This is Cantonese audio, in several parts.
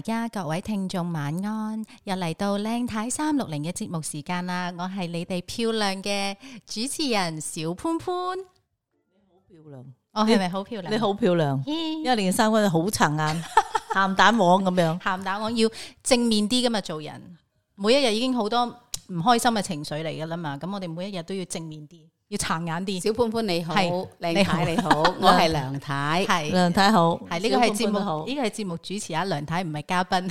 而家各位聽眾晚安，又嚟到靚太三六零嘅節目時間啦！我係你哋漂亮嘅主持人小潘潘，你好漂亮，哦，係咪好漂亮你？你好漂亮，因耶一年嘅三觀好層啊，咸 蛋黃咁樣，咸蛋黃要正面啲噶嘛？做人每一日已經好多唔開心嘅情緒嚟噶啦嘛，咁我哋每一日都要正面啲。要擦眼啲，小潘潘你好，你好你好， 你好，我係梁太，是梁太好，係呢個係節目，潘潘好，呢個係節目主持阿梁太嘉賓，唔係嘉賓。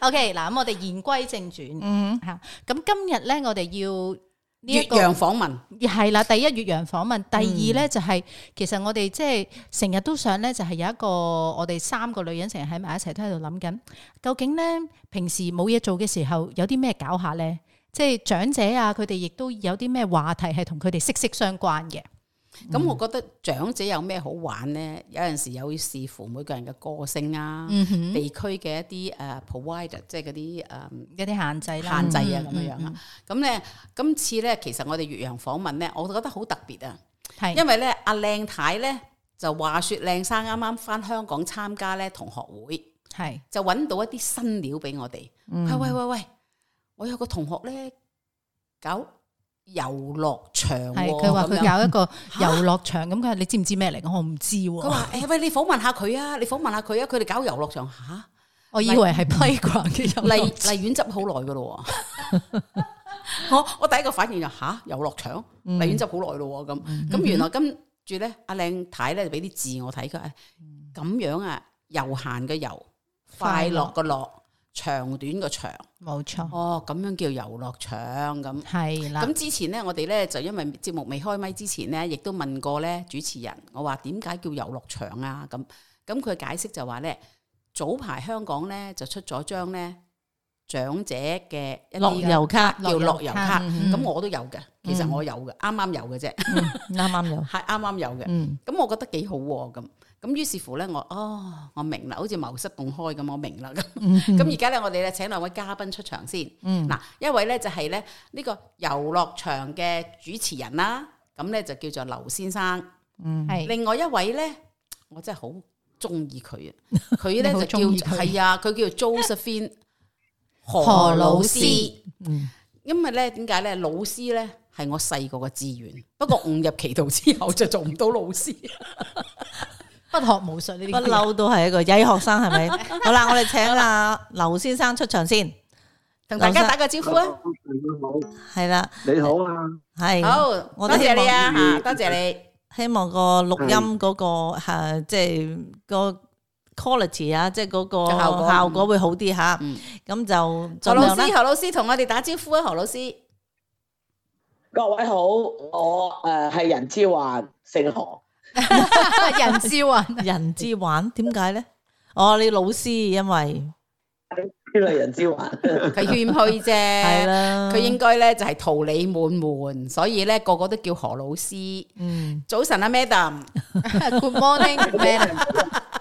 OK，嗱咁我哋言歸正傳，嗯，咁、嗯、今日咧我哋要越、這個、洋訪問，係啦，第一越洋訪問，第二咧、嗯、就係、是，其實我哋即係成日都想咧，就係有一個我哋三個女人成日喺埋一齊，都喺度諗緊，究竟咧平時冇嘢做嘅時候，有啲咩搞下咧？.即係長者啊，佢哋亦都有啲咩話題係同佢哋息息相關嘅。咁我覺得長者有咩好玩咧？有陣時有視乎每個人嘅個性啊，地區嘅一啲誒 provide 即係嗰啲誒一啲限制限制啊咁樣樣啊。咁咧今次咧，其實我哋越洋訪問咧，我就覺得好特別啊。係因為咧阿靚太咧就話説，靚生啱啱翻香港參加咧同學會，係就揾到一啲新料俾我哋。佢喂喂喂！我有個同學咧搞遊樂場、哦，係佢話佢搞一個遊樂場，咁佢話你知唔知咩嚟？我唔知、哦。佢話誒，喂，你訪問下佢啊，你訪問下佢啊，佢哋搞遊樂場吓？我以為係 Playground 嘅遊樂，荔荔園執好耐噶咯。我我第一個反應就吓遊樂場，荔園執好耐咯咁，咁、嗯嗯、原來跟住咧阿靚太咧就俾啲字我睇，佢咁樣啊，悠閒嘅悠，快樂嘅樂。長短個長，冇錯錯。哦，咁樣叫悠樂長咁，係啦。咁的之前咧，我哋咧就因為節目未開咪之前咧，亦都問過咧主持人，我話點解叫悠樂長啊？咁咁佢解釋就話咧，早排香港咧就出咗張咧長者嘅一樂遊卡，叫樂遊卡。咁、嗯嗯、我都有嘅，其實我有嘅，啱啱，嗯、有嘅啫，啱啱，嗯、有，係啱啱有嘅。咁我覺得幾好喎，咁、嗯。咁於是乎咧，我哦，我明啦，好似茅塞頓開咁，我明啦咁。咁而家咧，我哋咧請兩位嘉賓出場先。嗱、嗯，一位咧就係咧呢個悠樂長嘅主持人啦。咁咧就叫做劉先生。嗯，係。另外一位咧，我真係好中意佢啊。佢咧就叫係啊， 佢叫做 Josephine 何老師。嗯，因為咧點解咧老師咧係我細個嘅志願，不過誤入歧途之後就做唔到老師。 不學無術呢啲，不嬲都係一個曳學生，係咪？好啦，我哋請阿劉先生出場先，同大家打個招呼啊！係啦，你好啊，係，好，我多謝你啊吓，多謝你，希望個錄音嗰個吓，即係個 quality 啊，即係嗰個效果會好啲吓。咁就何老師，何老師同我哋打招呼啊！何老師，各位好，我誒係人之患，姓何。人之玩，人之玩，點解咧？哦，你老師，因為呢個係人之玩，佢謙虛啫，係啦，佢應該咧就係桃李滿門，所以咧個個都叫何老師。嗯，早晨啊，Madam，Good morning，Madam。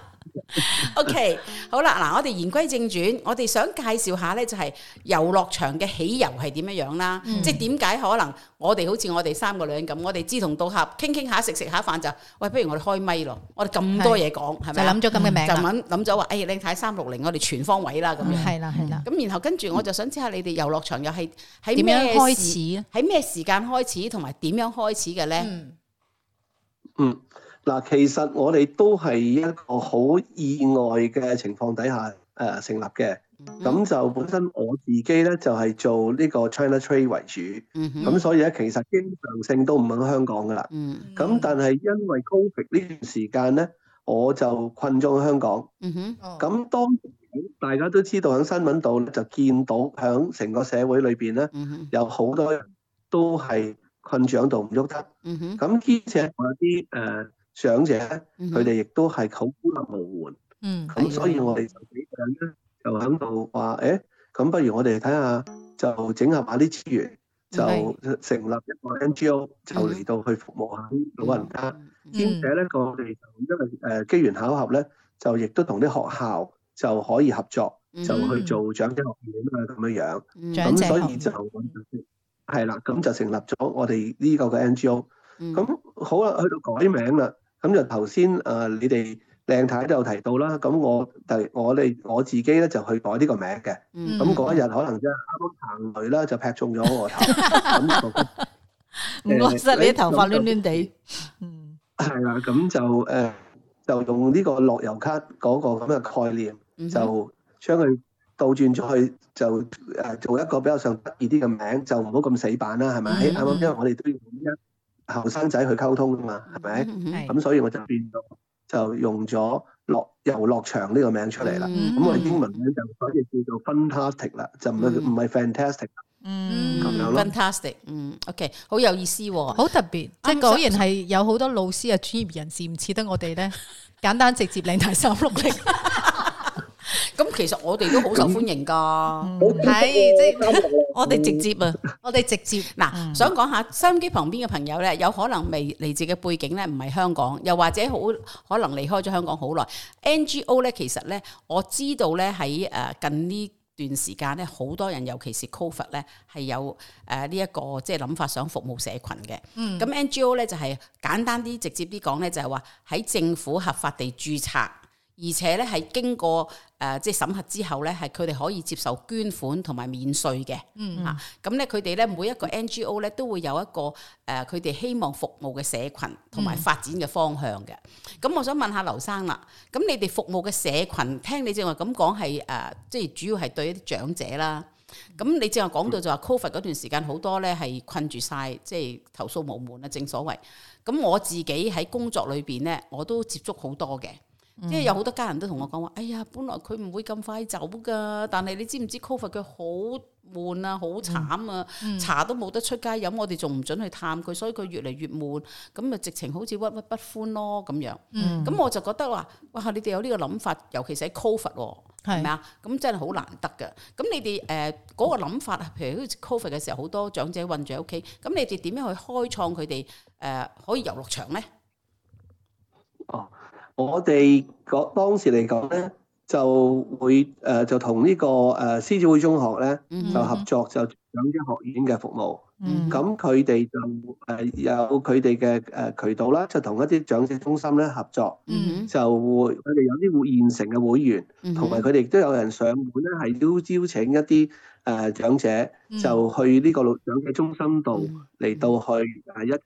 o、okay, K，好啦，嗱，我哋言歸正傳，我哋想介紹下咧，就係悠樂長嘅起游係點樣樣啦，即係點解可能我哋好似我哋三個女人咁，我哋志同道合，傾傾下食食下飯就喂，不如我哋開咪咯，我哋咁多嘢講係咪？嗯、嗎就諗咗咁嘅名，就諗諗咗話，哎呀，你睇三六零，我哋全方位啦咁樣，係啦係啦。咁、嗯、然後跟住我就想知下你哋悠樂長又係喺點樣開始，喺咩時間開始，同埋點樣開始嘅咧？嗯。嗱，其實我哋都係一個好意外嘅情況底下誒成立嘅，咁、mm hmm. 就本身我自己咧就係、是、做呢個 China Trade 為主，咁、mm hmm. 所以咧其實經常性都唔喺香港噶啦，咁、mm hmm. 但係因為高 o 呢段時間咧，我就困咗香港，咁、mm hmm. oh. 當大家都知道喺新聞度就見到喺成個社會裏邊咧，mm hmm. 有好多人都係困住喺度唔喐得，咁兼、mm hmm. 且我有啲誒。呃長者咧，佢哋亦都係好孤立無援，咁、嗯、所以我哋就幾個人咧，就喺度話，誒、欸，咁不如我哋睇下，就整合下啲資源，就成立一個 NGO，就嚟到去服務下啲老人家。兼、嗯嗯嗯、且咧，我哋就因為誒機緣巧合咧，就亦都同啲學校就可以合作，就去做長者學院啊，咁樣樣。咁所以就係啦，咁就成立咗我哋呢個嘅 NGO。咁、嗯、好啦，去到改名啦。咁就頭先誒，你哋靚太都有提到啦。咁我第我哋我自己咧就去改呢個名嘅。嗯。咁嗰一日可能即係行雷啦，就劈中咗我頭。唔該曬你頭髮攣攣地。嗯。係啦，咁就誒，就用呢個樂悠咭嗰個咁嘅概念，就將佢倒轉咗去，就誒做一個比較上得意啲嘅名，就唔好咁死板啦，係咪？啱啱因為我哋都要。後生仔去溝通噶嘛，係咪？咁、mm hmm. 嗯、所以我就變咗，就用咗樂遊樂場呢個名出嚟啦。咁、mm hmm. 嗯、我哋英文名就可以叫做 fantastic 啦，就唔係唔係 fantastic、mm。嗯，咁樣咯。Fantastic。嗯，OK，好有意思、哦，好特別，嗯、即係果然係有好多老師啊，專業人士唔似得我哋咧， 簡單直接靚太三六零。 咁其實我哋都好受歡迎噶，係即係我哋直接啊，我哋直接。嗱、嗯，嗯、想講下收音機旁邊嘅朋友咧，有可能未嚟自嘅背景咧，唔係香港，又或者好可能離開咗香港好耐。NGO 咧，其實咧，我知道咧喺誒近呢段時間咧，好多人尤其是 Covid 咧，係有誒呢一個即係諗法想服務社群嘅。咁 NGO 咧就係、是、簡單啲、直接啲講咧，就係話喺政府合法地註冊，而且咧係經過。誒，即係審核之後咧，係佢哋可以接受捐款同埋免稅嘅。嗯，嗯，啊，咁咧，佢哋咧每一個 NGO 咧都會有一個誒，佢、呃、哋希望服務嘅社群同埋發展嘅方向嘅。咁、嗯、我想問下劉生啦，咁你哋服務嘅社群，聽你正話咁講係誒，即係主要係對一啲長者啦。咁、嗯、你正話講到就話 COVID 嗰段時間好多咧係困住晒，即係投訴無門啊，正所謂。咁我自己喺工作裏邊咧，我都接觸好多嘅。嗯、即係有好多家人都同我講話，哎呀，本來佢唔會咁快走噶，但係你知唔知 COVID 佢好悶啊，好慘啊，嗯嗯、茶都冇得出街飲，我哋仲唔準去探佢，所以佢越嚟越悶，咁咪直情好似屈屈不歡咯咁樣。咁、嗯、我就覺得話，哇！你哋有呢個諗法，尤其是喺 COVID 喎，係咪啊？咁真係好難得噶。咁你哋誒嗰個諗法，譬如喺 COVID 嘅時候，好多長者困住喺屋企，咁你哋點樣去開創佢哋誒可以遊樂場咧？哦。我哋個當時嚟講咧，就會誒就同呢個誒獅子會中學咧就合作，就長者學院嘅服務、mm。咁佢哋就誒有佢哋嘅誒渠道啦，就同一啲長者中心咧合作，就會佢哋有啲會現成嘅會員、mm，同埋佢哋都有人上門咧，係都招請一啲誒長者就去呢個老長者中心度嚟到去誒一齊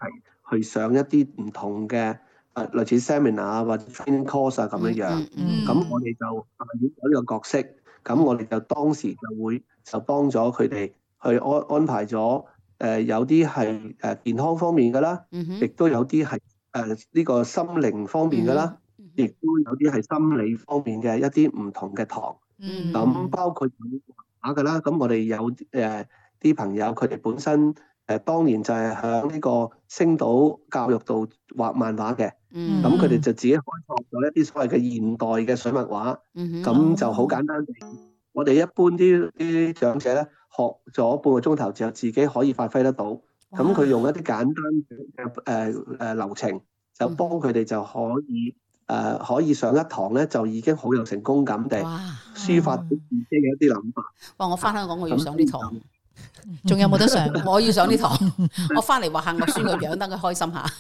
去上一啲唔同嘅。啊，類似 seminar 啊，或者 training course 啊咁樣樣，咁、mm hmm. 我哋就演咗呢個角色，咁我哋就當時就會就幫咗佢哋去安安排咗，誒、呃、有啲係誒健康方面嘅啦，亦、mm hmm. 都有啲係誒呢個心靈方面嘅啦，亦、mm hmm. 都有啲係心理方面嘅一啲唔同嘅堂，咁、mm hmm. 包括畫嘅啦，咁我哋有誒啲、呃、朋友佢哋本身。誒當年就係喺呢個星島教育度畫漫畫嘅，咁佢哋就自己開創咗一啲所謂嘅現代嘅水墨畫，咁、mm hmm. 就好簡單地。我哋一般啲啲長者咧學咗半個鐘頭之後，自己可以發揮得到。咁佢哇用一啲簡單嘅誒誒流程，就幫佢哋就可以誒、mm hmm. 呃、可以上一堂咧，就已經好有成功感地抒發哇自己嘅一啲諗法哇、嗯。哇！我翻香港，我要上啲堂。嗯。仲、嗯、有冇得上？我要上呢堂，我翻嚟話下我孫個樣，等佢開心下。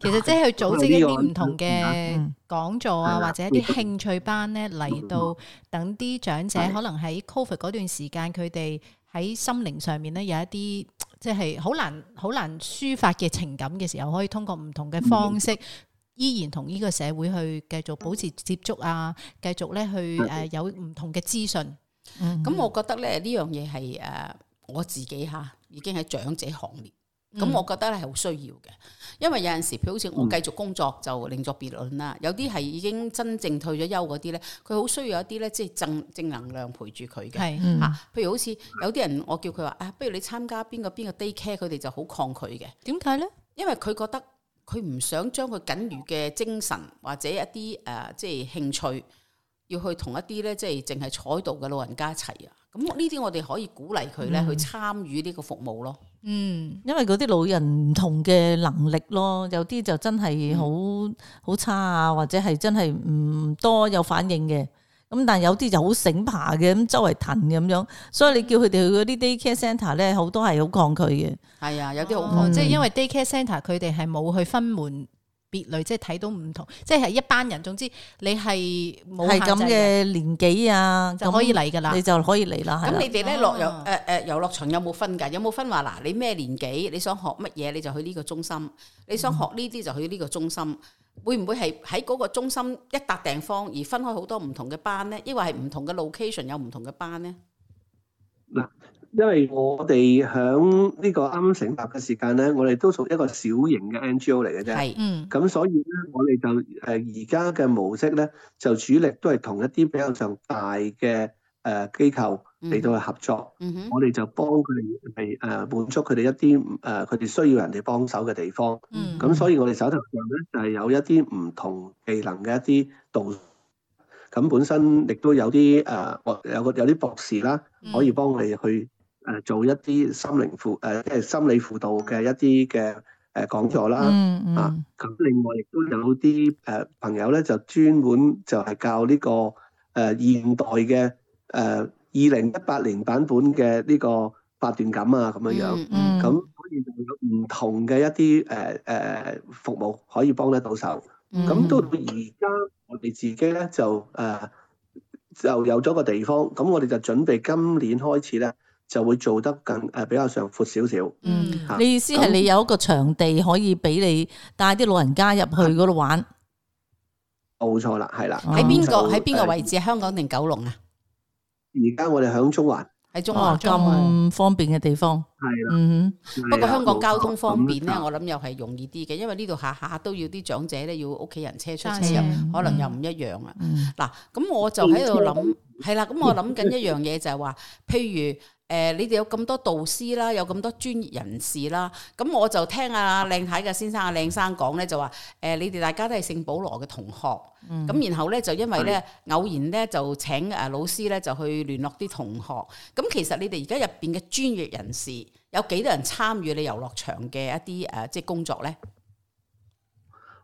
其實即係去組織一啲唔同嘅講座啊，或者一啲興趣班咧嚟到，等啲長者可能喺 Covid 嗰段時間，佢哋喺心靈上面咧有一啲即係好難好難抒發嘅情感嘅時候，可以通過唔同嘅方式，依然同呢個社會去繼續保持接觸啊，繼續咧去誒有唔同嘅資訊。咁、嗯、我覺得咧呢樣嘢係誒我自己嚇已經喺長者行列，咁、嗯、我覺得咧係好需要嘅，因為有陣時譬如好似我繼續工作就另作別論啦，有啲係已經真正退咗休嗰啲咧，佢好需要一啲咧即係正正能量陪住佢嘅嚇。嗯、譬如好似有啲人我叫佢話啊，不如你參加邊個邊個 day care，佢哋就好抗拒嘅。點解咧？因為佢覺得佢唔想將佢僅餘嘅精神或者一啲誒即係興趣。要去同一啲咧，即係淨係坐喺度嘅老人家一齊啊！咁呢啲我哋可以鼓勵佢咧去參與呢個服務咯。嗯，因為嗰啲老人唔同嘅能力咯，有啲就真係好好差啊，或者係真係唔多有反應嘅。咁但係有啲就好醒爬嘅，咁周圍騰嘅咁樣。所以你叫佢哋去嗰啲 Daycare Center 咧，好多係好抗拒嘅。係啊，有啲好抗，嗯、即係因為 Daycare Center 佢哋係冇去分門別類即係睇到唔同，即係一班人。總之你係冇限制嘅年紀啊，這樣 就可以嚟噶啦，你就可以嚟啦。咁你哋咧遊誒誒遊樂場有冇分㗎？有冇分話嗱？你咩年紀？你想學乜嘢？你就去呢個中心。你想學呢啲就去呢個中心。嗯、會唔會係喺嗰個中心一笪地方而分開好多唔同嘅班咧？抑或係唔同嘅 location 有唔同嘅班咧。嗯因為我哋響呢個啱啱成立嘅時間咧，我哋都屬一個小型嘅 NGO 嚟嘅啫。係是，嗯。咁所以咧，我哋就誒而家嘅模式咧，就主力都係同一啲比較上大嘅誒、呃、機構嚟到去合作。嗯、我哋就幫佢哋係誒滿足佢哋一啲唔佢哋需要人哋幫手嘅地方。咁、嗯、所以我哋手頭上咧就係、是、有一啲唔同技能嘅一啲導，咁本身亦都有啲誒，我、呃、有個有啲博士啦，可以幫你去。嗯誒做一啲心靈輔誒即係心理輔導嘅一啲嘅誒講座啦，mm hmm. 啊咁另外亦都有啲誒朋友咧就專門就係教呢、呢個誒、啊、現代嘅誒二零一八年版本嘅呢個八段錦啊咁樣樣，咁可、mm hmm. 啊、以有唔同嘅一啲誒誒服務可以幫得到手，咁、mm hmm. 啊、到而家我哋自己咧就誒、啊、就有咗個地方，咁我哋就準備今年開始咧。就會做得更誒，比較上闊少少。嗯，你意思係你有一個場地可以俾你帶啲老人家入去嗰度玩？冇錯啦，係啦。喺邊個喺邊個位置？香港定九龍啊？而家我哋響中環。喺中環咁方便嘅地方。係啦。嗯。不過香港交通方便咧，我諗又係容易啲嘅，因為呢度下下都要啲長者咧要屋企人車出車入，有時可能又唔一樣啦。嗱，咁我就喺度諗，係啦，咁我諗緊一樣嘢就係話，譬如。誒、呃，你哋有咁多導師啦，有咁多專業人士啦，咁我就聽阿、啊、靚太嘅先生、阿靚生講咧，就話誒、呃，你哋大家都係聖保羅嘅同學，咁、嗯、然後咧就因為咧、嗯、偶然咧就請誒老師咧就去聯絡啲同學，咁其實你哋而家入邊嘅專業人士有幾多人參與你悠樂長嘅一啲誒即係工作咧？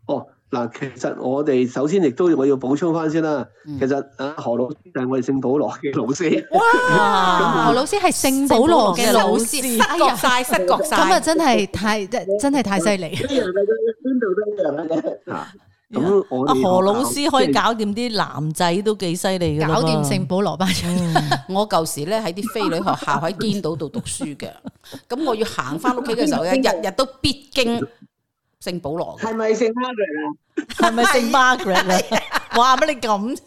哦。嗱，其實我哋首先亦都我要補充翻先啦。其實啊，何老師係我哋聖保羅嘅老師。哇！何老師係聖保羅嘅老師，失覺晒失覺晒，咁啊真係太真真係太犀利。邊度都一樣，何老師可以搞掂啲男仔都幾犀利㗎。搞掂聖保羅班長，我舊時咧喺啲非女學校喺堅道度讀書嘅，咁我要行翻屋企嘅時候，日日都必經。聖保羅？係咪聖 Margaret 啊？係咪聖 Margaret 啊？哇！乜你咁？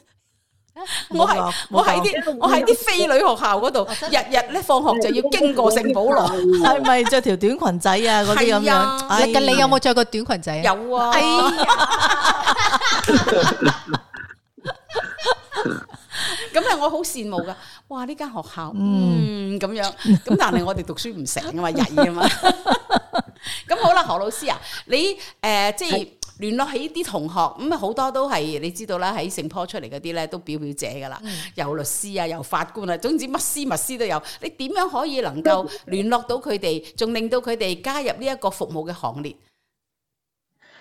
我喺我喺啲我喺啲非女學校嗰度，日日咧放學就要經過聖保羅。係咪着條短裙仔啊？嗰啲咁樣。咁你有冇着過短裙仔啊？有啊。咁啊，我好羨慕噶！哇，呢間學校，嗯，咁、嗯、樣，咁但係我哋讀書唔成啊嘛，曳啊 的嘛。咁 好啦，何老師啊，你誒、呃，即係好聯絡起啲同學，咁、嗯、好多都係你知道啦，喺聖坡出嚟嗰啲咧，都表表者噶啦，又、嗯、律師啊，又法官啊，總之乜師密師都有。你點樣可以能夠聯絡到佢哋，仲令到佢哋加入呢一個服務嘅行列？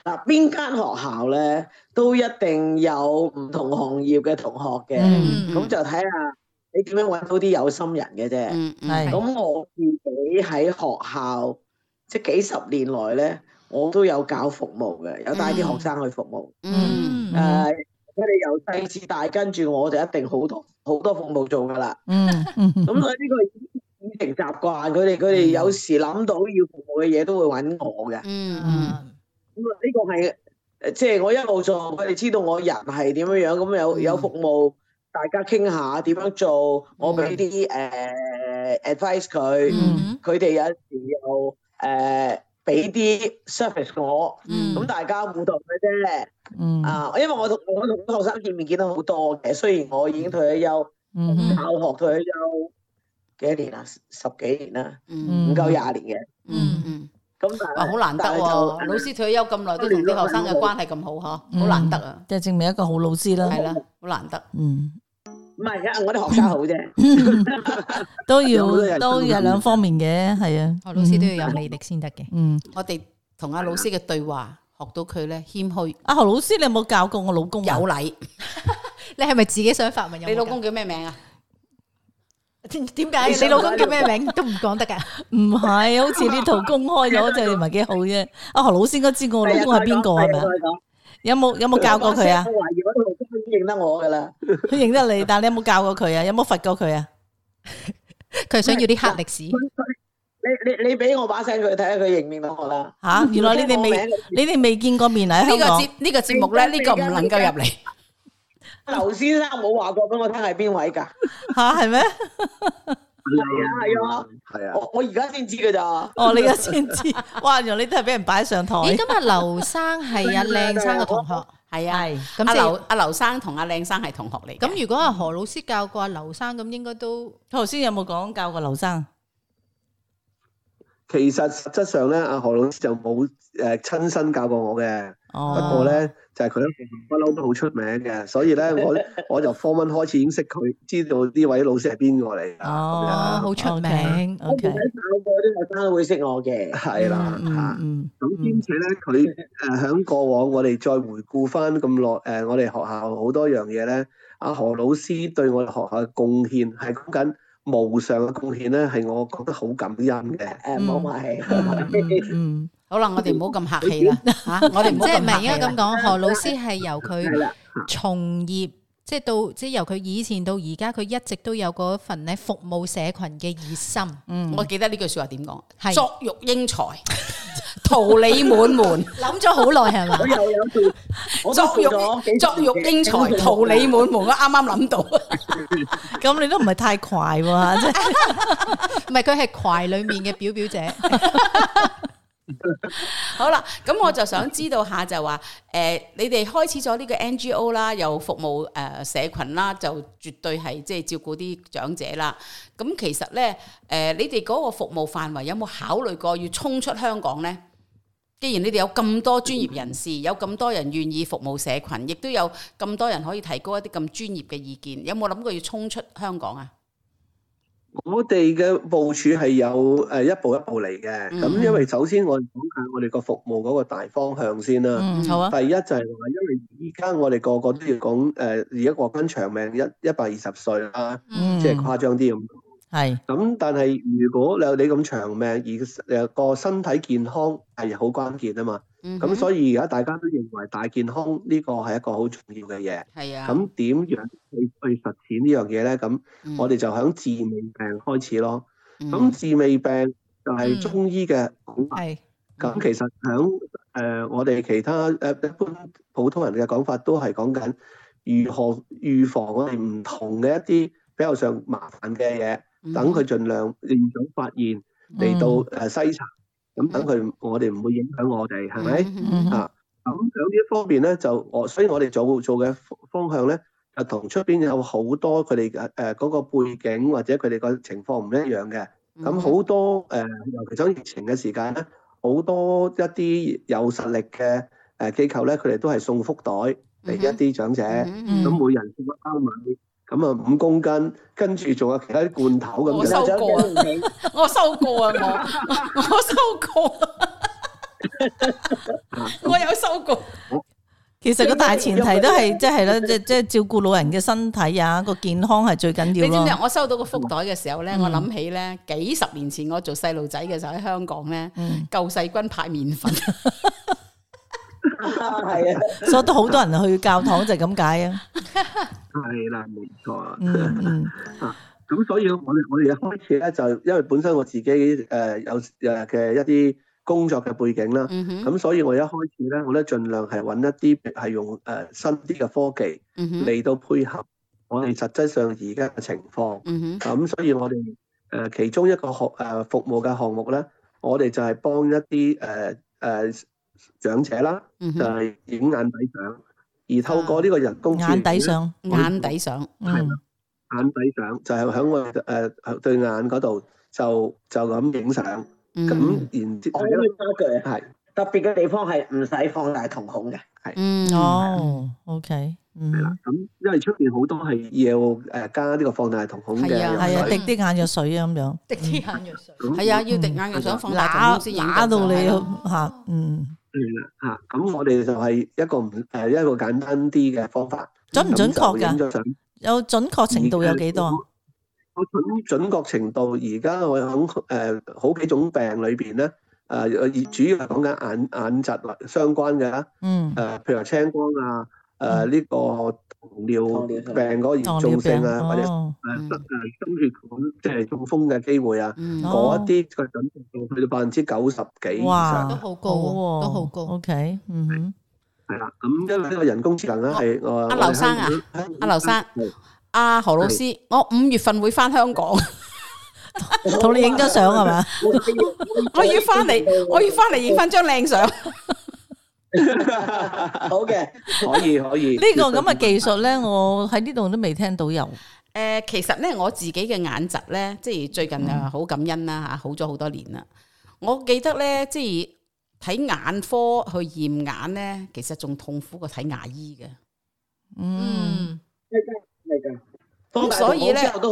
嗱，邊間學校咧都一定有唔同行業嘅同學嘅，咁、mm hmm. 就睇下你點樣搵到啲有心人嘅啫。係、mm，咁、hmm. 我自己喺學校即係幾十年來咧，我都有搞服務嘅，有帶啲學生去服務。嗯、mm，誒、hmm. 呃，佢哋由細至大跟住我就一定好多好多服務做噶啦。嗯、mm，咁所以呢個已經成習慣，佢哋佢哋有時諗到要服務嘅嘢都會搵我嘅。嗯嗯、mm。Hmm. Mm hmm. 呢個係即係我一路做，佢哋知道我人係點樣樣，咁有有服務，大家傾下點樣做，我俾啲誒 advice 佢，佢哋、mm hmm. 有時又誒俾啲 service 我，咁大家互動佢啫。Mm hmm. 啊，因為我同我同啲學生見面見到好多嘅，雖然我已經退咗休，教學退咗休幾多年啦、啊，十幾年啦、啊，唔、mm hmm. 夠廿年嘅。嗯嗯、mm。Hmm. 咁啊，好難得喎！老師退休咁耐，都同啲學生嘅關係咁好，嗬，好難得啊！即係證明一個好老師啦，係啦，好難得。嗯，唔係啊，我哋學生好啫，都要都有兩方面嘅，係啊，何老師都要有魅力先得嘅。嗯，我哋同阿老師嘅對話，學到佢咧謙虛。阿何老師，你有冇教過我老公有禮？你係咪自己想發問？你老公叫咩名啊？點解嘅？你老公叫咩名都唔講得噶？唔係，好似呢套公開咗就唔係幾好啫。阿何老師應該知我老公係邊個，係咪？有冇有冇教過佢啊？懷疑我都已經開始認得我噶啦，佢認得你，但係你有冇教過佢啊？有冇罰過佢啊？佢想要啲黑歷史。你你你俾我把聲佢睇下，佢認唔認得我啦。吓，原來你哋未你哋未見過面喺香港。呢個節目咧，呢個唔能夠入嚟。劉先生冇話過俾我聽係邊位噶吓，係咩嚟啊係啊係啊，我我而家先知噶咋。哦，你而家先知哇。原來你都係俾人擺上台。咦，今日劉生係阿靚生嘅同學係啊，阿劉阿劉生同阿靚生係同學嚟。咁如果阿何老師教過阿劉生，咁應該都，頭先有冇講教過劉生？其實實質上咧，阿何老師就冇誒親身教過我嘅。哦。不過咧，就係佢一個不嬲都好出名嘅，所以咧我咧我就 form one 開始已經識佢，知道呢位老師係邊個嚟。哦，好出名。O K。我唔使教過啲學生都會識我嘅。係啦。嗯咁兼且咧，佢誒喺過往，我哋再回顧翻咁耐誒，我哋學校好多樣嘢咧，阿何老師對我哋學校嘅貢獻係講緊。無償嘅貢獻咧，係我覺得好感恩嘅。誒、嗯，冇埋、嗯。嗯， 好啦，我哋唔好咁客氣啦。吓 啊，我哋即係唔係而家咁講。 何老師係由佢從業，即係到即係由佢以前到而家，佢一直都有嗰份咧服務社群嘅熱心。 嗯，我記得呢句話說話點講，係是作育英才。 桃李滿門，諗咗好耐係咪？我又有作育咗作育英才，桃李滿門，我啱啱諗到，咁 你都唔係太乖喎，唔係？佢係乖裏面嘅表表者。 好啦，咁我就想知道下，就話誒、呃，你哋開始咗呢個 NGO 啦，有服務誒社群啦，就絕對係即係照顧啲長者啦。咁其實咧，誒、呃，你哋嗰個服務範圍有冇考慮過要衝出香港咧？既然你哋有咁多專業人士，有咁多人願意服務社群，亦都有咁多人可以提供一啲咁專業嘅意見，有冇諗過要衝出香港啊？我哋嘅部署係有誒一步一步嚟嘅。咁、嗯、因為首先我哋講下我哋個服務嗰個大方向先啦、啊嗯。好啊。第一就係話，因為而家我哋個個都要講誒，而家講緊長命一一百二十歲啦、啊，即係、嗯、誇張啲咁係咁，是但係如果你有你咁長命，而又個身體健康係好關鍵啊嘛。咁、嗯、哼所以而家大家都認為大健康呢個係一個好重要嘅嘢。係啊。咁點樣去去實踐呢樣嘢咧？咁我哋就響治未病開始咯。咁治未病就係中醫嘅講法。咁、嗯、其實響誒、嗯呃、我哋其他誒一般普通人嘅講法都係講緊如何預防我哋唔同嘅一啲比較上麻煩嘅嘢。等佢儘量聯早發現嚟到誒篩查，咁等佢我哋唔會影響我哋，係咪啊？咁喺呢方面咧，就我所以我哋做做嘅方向咧，就同出邊有好多佢哋誒嗰個背景或者佢哋個情況唔一樣嘅。咁好多誒，尤其喺疫情嘅時間咧，好多一啲有實力嘅誒機構咧，佢哋都係送福袋畀一啲長者，咁每人送一包米。咁啊，五公斤，跟住仲有其他啲罐頭咁。 我收過，我收過啊嘛，我收過，我有收過。其實個大前提都係，即係咧，即、即、即、係、照顧老人嘅身體啊，個健康係最緊要。你知唔知？我收到個福袋嘅時候咧，嗯、我諗起咧，幾十年前我做細路仔嘅時候喺香港咧，救、嗯、世軍派麵粉。 係啊， 的 所以都好多人去教堂就係咁解啊。係 啦，冇錯、 嗯。嗯咁所以我哋我哋一開始咧，就因為本身我自己誒、呃、有誒嘅一啲工作嘅背景啦。咁、mm hmm. 所以我一開始咧，我咧盡量係揾一啲係用誒新啲嘅科技嚟、mm hmm. 到配合我哋實質上而家嘅情況。咁、mm hmm. 所以我哋誒、呃、其中一個項誒、呃、服務嘅項目咧，我哋就係幫一啲誒誒。呃呃呃長者啦，就係影眼底相，而透過呢個人工。眼底相，眼底相，係咯，眼底相就係響我誒對眼嗰度就就咁影相，咁然之。我用膠具係特別嘅地方係唔使放大瞳孔嘅，係。嗯哦，OK，係啦，咁因為出邊好多係要誒加呢個放大瞳孔嘅，係啊係啊，滴啲眼藥水啊咁樣，滴啲眼藥水，係啊要滴眼藥水放大瞳孔先打到你啊，嗯。係吓，咁我哋就係一個唔誒、呃、一個簡單啲嘅方法，準唔準確噶，嗯？有準確程度有幾多？個準準確程度而家我諗，誒、呃、好幾種病裏邊咧，誒，主要係講緊眼眼疾相關嘅啦。嗯。誒，譬如話青光啊。誒呢個糖尿病嗰嚴重性啊，或者誒得誒心血管即係中風嘅機會啊，嗰一啲嘅準確度去到百分之九十幾，哇，都好高喎，都好高。OK，嗯哼，係啦，咁因為呢個人工智能咧係，阿劉生啊，阿劉生，阿何老師，我五月份會翻香港，同你影咗相係嘛？我要翻嚟，我要翻嚟影翻張靚相。好嘅， 可以可以。呢個咁嘅技術咧， 我喺呢度都未聽到有。誒、 呃，其實咧我自己嘅眼疾咧，即係最近啊好感恩啦、啊、吓，好咗好多年啦。我記得咧，即係睇眼科去驗眼咧，其實仲痛苦過睇牙醫嘅。嗯，係噶、嗯，係噶、嗯。咁所以咧。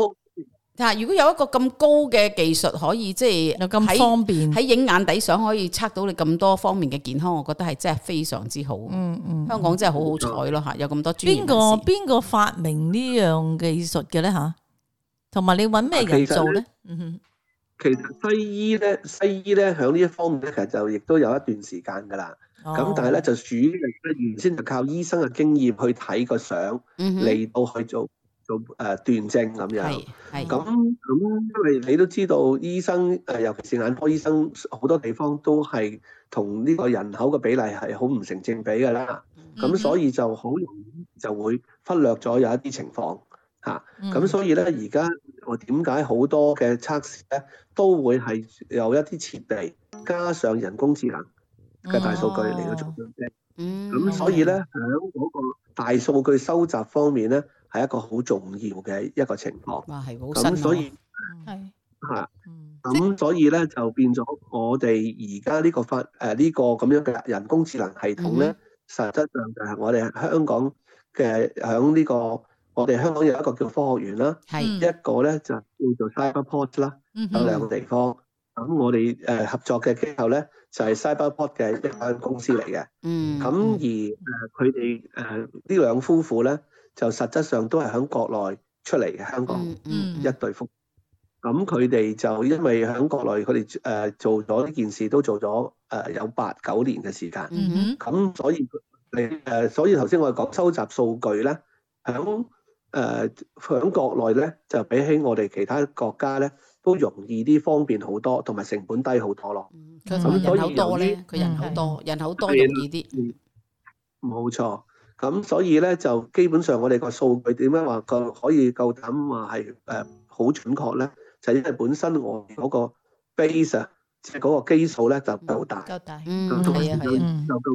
啊！如果有一個咁高嘅技術，可以即係又咁方便喺影眼底相，可以測到你咁多方面嘅健康，我覺得係真係非常之好。嗯嗯，嗯，香港真係好好彩咯嚇，嗯、有咁多專邊個邊個發明呢樣技術嘅咧嚇？同埋你揾咩人做咧？嗯哼，其實西醫咧，西醫咧喺呢，呢一方面咧，其實就亦都有一段時間噶啦。咁、哦、但係咧，就主力咧，原先就靠醫生嘅經驗去睇個相嚟到去做。嗯哼做誒斷症咁樣，係咁咁，因為你都知道醫生誒，尤其是眼科醫生，好多地方都係同呢個人口嘅比例係好唔成正比㗎啦。咁所以就好容易就會忽略咗有一啲情況吓。咁所以咧，而家我點解好多嘅測試咧都會係有一啲設備加上人工智能嘅大數據嚟到做分析。嗯，咁所以咧喺嗰個大數據收集方面咧。係一個好重要嘅一個情況，咁所以係係，咁所以咧就變咗我哋而家呢個發誒呢個咁樣嘅人工智能系統咧，實質上就係我哋香港嘅響呢個，我哋香港有一個叫科學園啦，一個咧就叫做 Cyberport 啦，有兩個地方。咁我哋誒合作嘅機構咧就係 Cyberport 嘅一間公司嚟嘅，咁而誒佢哋誒呢兩夫婦咧。就實質上都係喺國內出嚟嘅香港、mm hmm. 一對福，咁佢哋就因為喺國內佢哋誒做咗呢件事都做咗誒有八九年嘅時間，咁、mm hmm. 所以誒所以頭先我哋講收集數據咧，喺誒喺國內咧就比起我哋其他國家咧都容易啲，方便好多，同埋成本低好多咯。咁、mm hmm. 所以人口多咧，佢人口多，mm hmm. 人口多容易啲，冇錯。咁所以咧就基本上我哋個數據點樣話個可以夠膽話係誒好準確咧，就係、因為本身我嗰個 base 個、嗯、啊，即係嗰個基數咧就夠大，夠大，嗯，係啊係啊，就到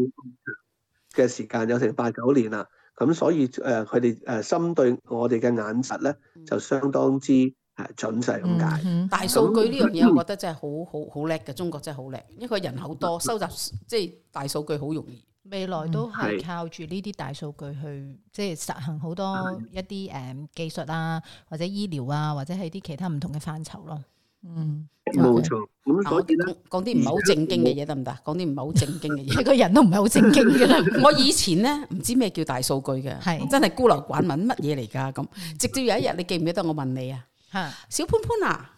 嘅、啊、時間有成八九年啦，咁所以誒佢哋誒針對我哋嘅眼疾咧就相當之係準細咁解。大數據呢樣嘢我覺得真係好好好叻嘅，中國真係好叻，因為人口多，嗯、收集即係、就係、大數據好容易。未來都係靠住呢啲大數據去，即係實行好多一啲誒技術啊，或者醫療啊，或者係啲其他唔同嘅範疇咯。嗯，冇錯。講啲唔係好正經嘅嘢得唔得？講啲唔係好正經嘅嘢， 個人都唔係好正經嘅 我以前咧唔知咩叫大數據嘅，真係孤陋寡聞，乜嘢嚟噶咁？直至有一日，你記唔記得我問你啊？吓，小潘潘啊！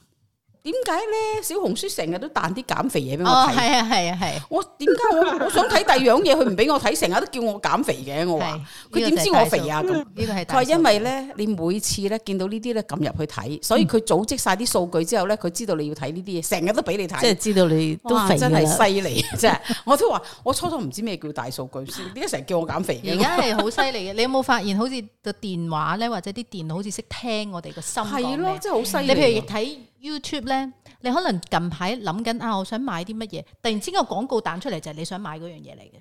點解咧？小紅書成日都彈啲減肥嘢俾我睇。哦，係啊，係啊，係。我點解我我想睇第二樣嘢，佢唔俾我睇，成日都叫我減肥嘅。我話佢點知我肥啊？咁呢個係大。佢話因為咧，你每次咧見到呢啲咧撳入去睇，所以佢組織晒啲數據之後咧，佢知道你要睇呢啲嘢，成日都俾你睇。即係知道你都肥，真係犀利，即係。我都話我初初唔知咩叫大數據，點解成日叫我減肥？而家係好犀利嘅。你有冇發現好似個電話咧，或者啲電腦好似識聽我哋個心係咯，即係好犀利。你譬如睇。YouTube 咧，你可能近排諗緊啊，我想買啲乜嘢，突然之間個廣告彈出嚟就係、是、你想買嗰樣嘢嚟嘅。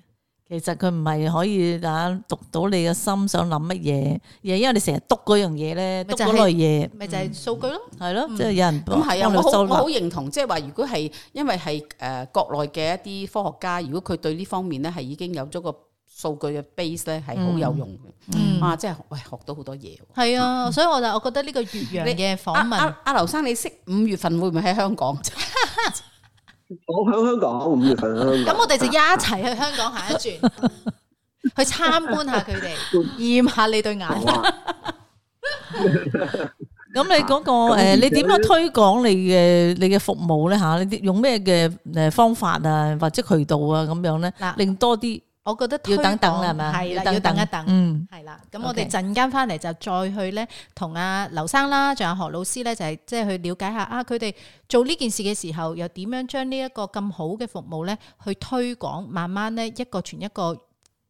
其實佢唔係可以啊讀到你嘅心想諗乜嘢，而係因為你成日篤嗰樣嘢咧，嗰類嘢，咪就係數據咯。係、嗯、咯，即係、嗯、有人咁係啊！嗯、我好、嗯、我好認同，即係話如果係因為係誒國內嘅一啲科學家，如果佢對呢方面咧係已經有咗個。數據嘅 base 咧係好有用嘅。哇！即係喂，學到好多嘢。係啊，所以我就我覺得呢個粵語嘅訪問，阿阿劉生，你識五月份會唔會喺香港？我喺香港，五月份喺香港。咁我哋就一齊去香港行一轉，去參觀下佢哋，驗下你對眼。咁你嗰個誒，你點樣推廣你嘅你嘅服務咧？吓，呢啲用咩嘅誒方法啊，或者渠道啊咁樣咧，令多啲。我覺得等推廣係啦，要等等，要等一等。嗯，係啦。咁我哋陣間翻嚟就再去咧，同阿劉生啦，仲有何老師咧，就係即係去了解下啊，佢哋做呢件事嘅時候，又點樣將呢一個咁好嘅服務咧，去推廣，慢慢咧一個傳一個，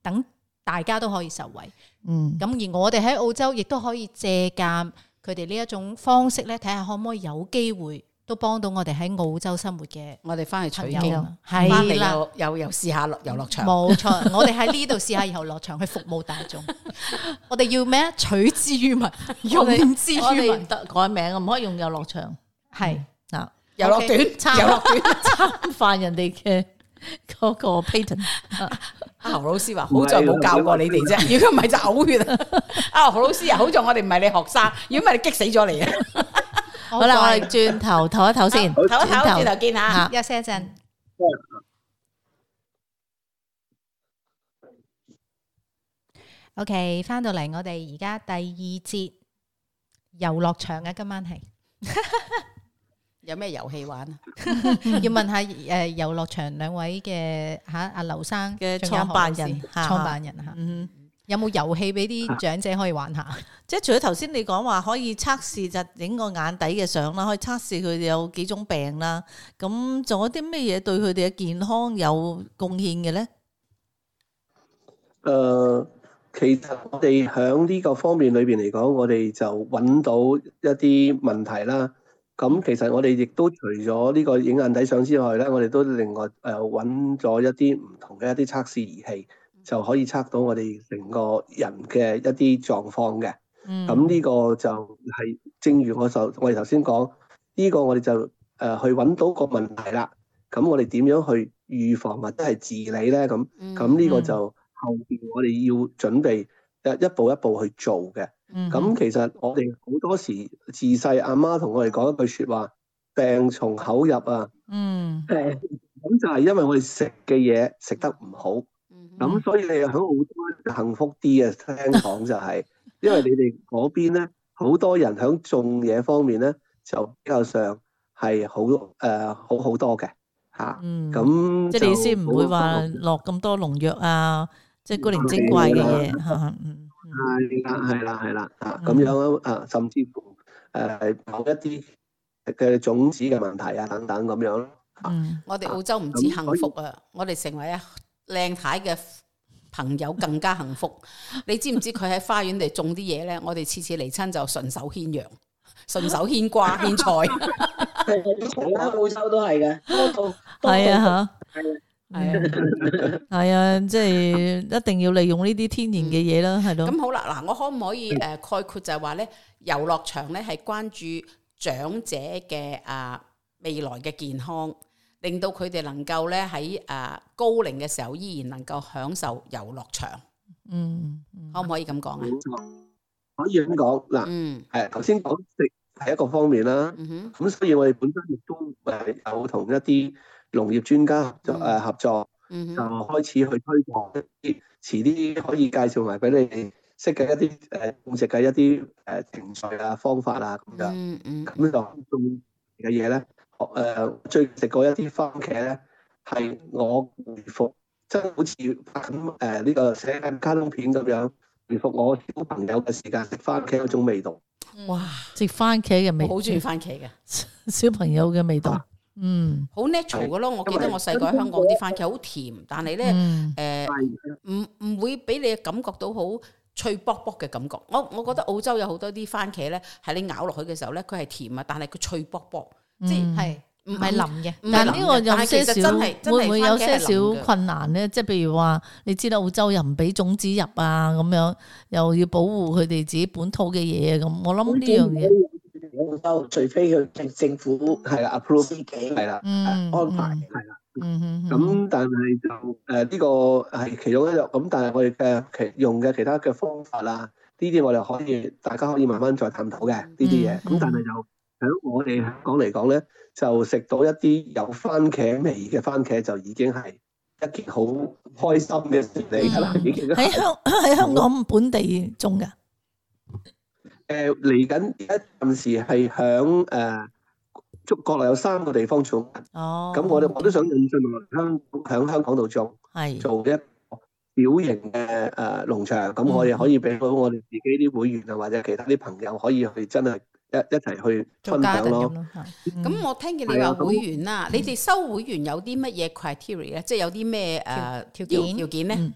等大家都可以受惠。嗯。咁而我哋喺澳洲亦都可以借鑑佢哋呢一種方式咧，睇下可唔可以有機會。都幫到我哋喺澳洲生活嘅，我哋翻去取經，翻嚟又又又試下遊樂場。冇錯，我哋喺呢度試下遊樂場，去服務大眾。我哋要咩取之於民，用之於民。得改名啊，唔可以用遊樂場。係嗱，遊樂園參，遊樂園參，犯人哋嘅嗰個 patent。侯老師話：好在冇教過你哋啫，如果唔係就嘔血。啊，何老師啊，好在我哋唔係你學生，如果唔係激死咗你啊！哦、好啦了，我哋轉頭唞一唞先，唞一唞，轉頭，頭，頭見吓，休息一陣。OK，翻到嚟，我哋而家第二節遊樂場啊，今晚係 有咩遊戲玩？ 要問下誒、呃，遊樂場兩位嘅吓阿劉生嘅創辦人，創辦人吓。有冇遊戲俾啲長者可以玩下？即係除咗頭先你講話可以測試就影個眼底嘅相啦，可以測試佢哋有幾種病啦。咁仲有啲咩嘢對佢哋嘅健康有貢獻嘅咧？誒，其實我哋喺呢個方面裏邊嚟講，我哋就揾到一啲問題啦。咁其實我哋亦都除咗呢個影眼底相之外咧，我哋都另外誒揾咗一啲唔同嘅一啲測試儀器。就可以測到我哋成個人嘅一啲狀況嘅。嗯、mm，咁、hmm。呢個就係正如我就我哋頭先講，呢、呢個我哋就誒去揾到個問題啦。咁我哋點樣去預防或者係治理咧？咁咁呢個就後邊我哋要準備，一步一步去做嘅。咁、mm hmm。其實我哋好多時自細阿媽同我哋講一句説話：病從口入啊。嗯、mm。係、hmm。呃。咁就係因為我哋食嘅嘢食得唔好。咁所以你喺澳洲咧就幸福啲嘅，聽講就係，因為你哋嗰邊咧好多人喺種嘢方面咧就比較上係好誒好好多嘅嚇。咁即係你先唔會話落咁多農藥啊，即係古靈精怪嘅嘢嚇。係啦係啦係啦嚇，咁樣啊，甚至乎誒某一啲嘅種子嘅問題啊等等咁樣。嗯，我哋澳洲唔止幸福啊，我哋成為一靚太嘅朋友更加幸福，你知唔知佢喺花園地種啲嘢咧？我哋次次嚟親就順手牽羊，順手牽瓜，牽菜，全家豐收都係嘅。係啊吓，係啊，係啊，即係、 啊就是、一定要利用呢啲天然嘅嘢啦，係咯、啊。咁、嗯、好啦，嗱，我可唔可以誒概括就係話咧，悠樂、嗯、長咧係關注長者嘅啊未來嘅健康。令到佢哋能夠咧喺誒高齡嘅時候依然能夠享受遊樂場，嗯，嗯，可唔可以咁講啊？嗯、可以咁講嗱，嗯，係頭先講食係一個方面啦，咁、嗯、哼所以我哋本身亦都係有同一啲農業專家合作誒、嗯、合作，嗯、哼就開始去推廣一啲遲啲可以介紹埋俾你識嘅一啲誒種植嘅一啲誒情緒啊方法啊咁樣，嗯嗯，咁就種嘅嘢咧。嗯誒、呃、最近食過一啲番茄咧，係我回復，即係好似拍緊誒呢個寫緊卡通片咁樣回復我小朋友嘅時間食番茄嗰種味道。哇！食番茄嘅味，好中意番茄嘅 小朋友嘅味道。嗯，好、嗯、natural 嘅咯。我記得我細個喺香港啲番茄好甜，但係咧誒唔唔會俾你感覺到好脆卜卜嘅感覺。我我覺得澳洲有好多啲番茄咧，係你咬落去嘅時候咧，佢係甜啊，但係佢脆卜卜。即係唔係諗嘅，但係呢個有些少會唔會有些少困難咧？即係譬如話，你知道澳洲人唔俾種子入啊，咁樣又要保護佢哋自己本土嘅嘢，咁我諗呢樣嘢。澳洲除非佢政政府係啦、啊、approve 啲嘅係啦安排係啦，咁、啊嗯嗯嗯嗯嗯、但係就誒呢、呃這個係其中一樣咁，但係我哋嘅其用嘅其他嘅方法啦，呢啲我哋可以大家可以慢慢再探討嘅呢啲嘢，咁、嗯、但係就。喺我哋香港嚟講咧，就食到一啲有番茄味嘅番茄就已經係一件好開心嘅事嚟。喺香喺香港本地種噶？誒、欸，嚟緊而家暫時係響誒，中、呃、國內有三個地方種。哦，咁我哋、嗯、我都想引進嚟香響香港度種，係是做一個小型嘅誒農場。咁我哋可以俾到我哋自己啲會員啊，或者其他啲朋友可以去真係。一一齊去分享咯。咁我聽見你話會員啦，嗯、你哋、嗯、收會員有啲乜嘢 criteria 咧、嗯？即係有啲咩誒條件條件咧？嗯嗯、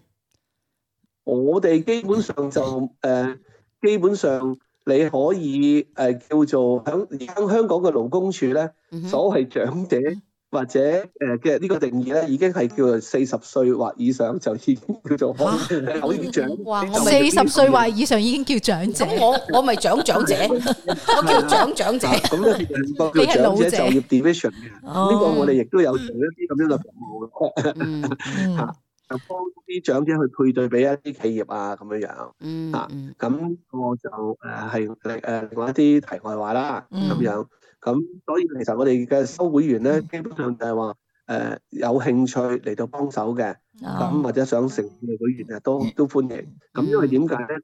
我哋基本上就誒、呃，基本上你可以誒、呃、叫做響香港嘅勞工處咧，所謂長者。嗯或者誒嘅呢個定義咧，已經係叫做四十歲或以上就已經叫做可以長。哇！我四十歲或以上已經叫長者， 我我咪長長者， 我叫長長者。咁咧，呢個你係長者就業 division 嘅，呢個我哋亦都有做一啲咁樣嘅服務嘅。嚇，就幫啲長者去配對俾一啲企業啊，咁、嗯、樣樣。嗯。咁、嗯啊、我就誒係誒講一啲題外話啦，咁樣。嗯嗯咁所以其實我哋嘅收會員咧，嗯嗯、基本上就係話誒有興趣嚟到幫手嘅，咁、oh. 或者想成嘅會員啊，都、嗯、都歡迎。咁、嗯、因為點解咧？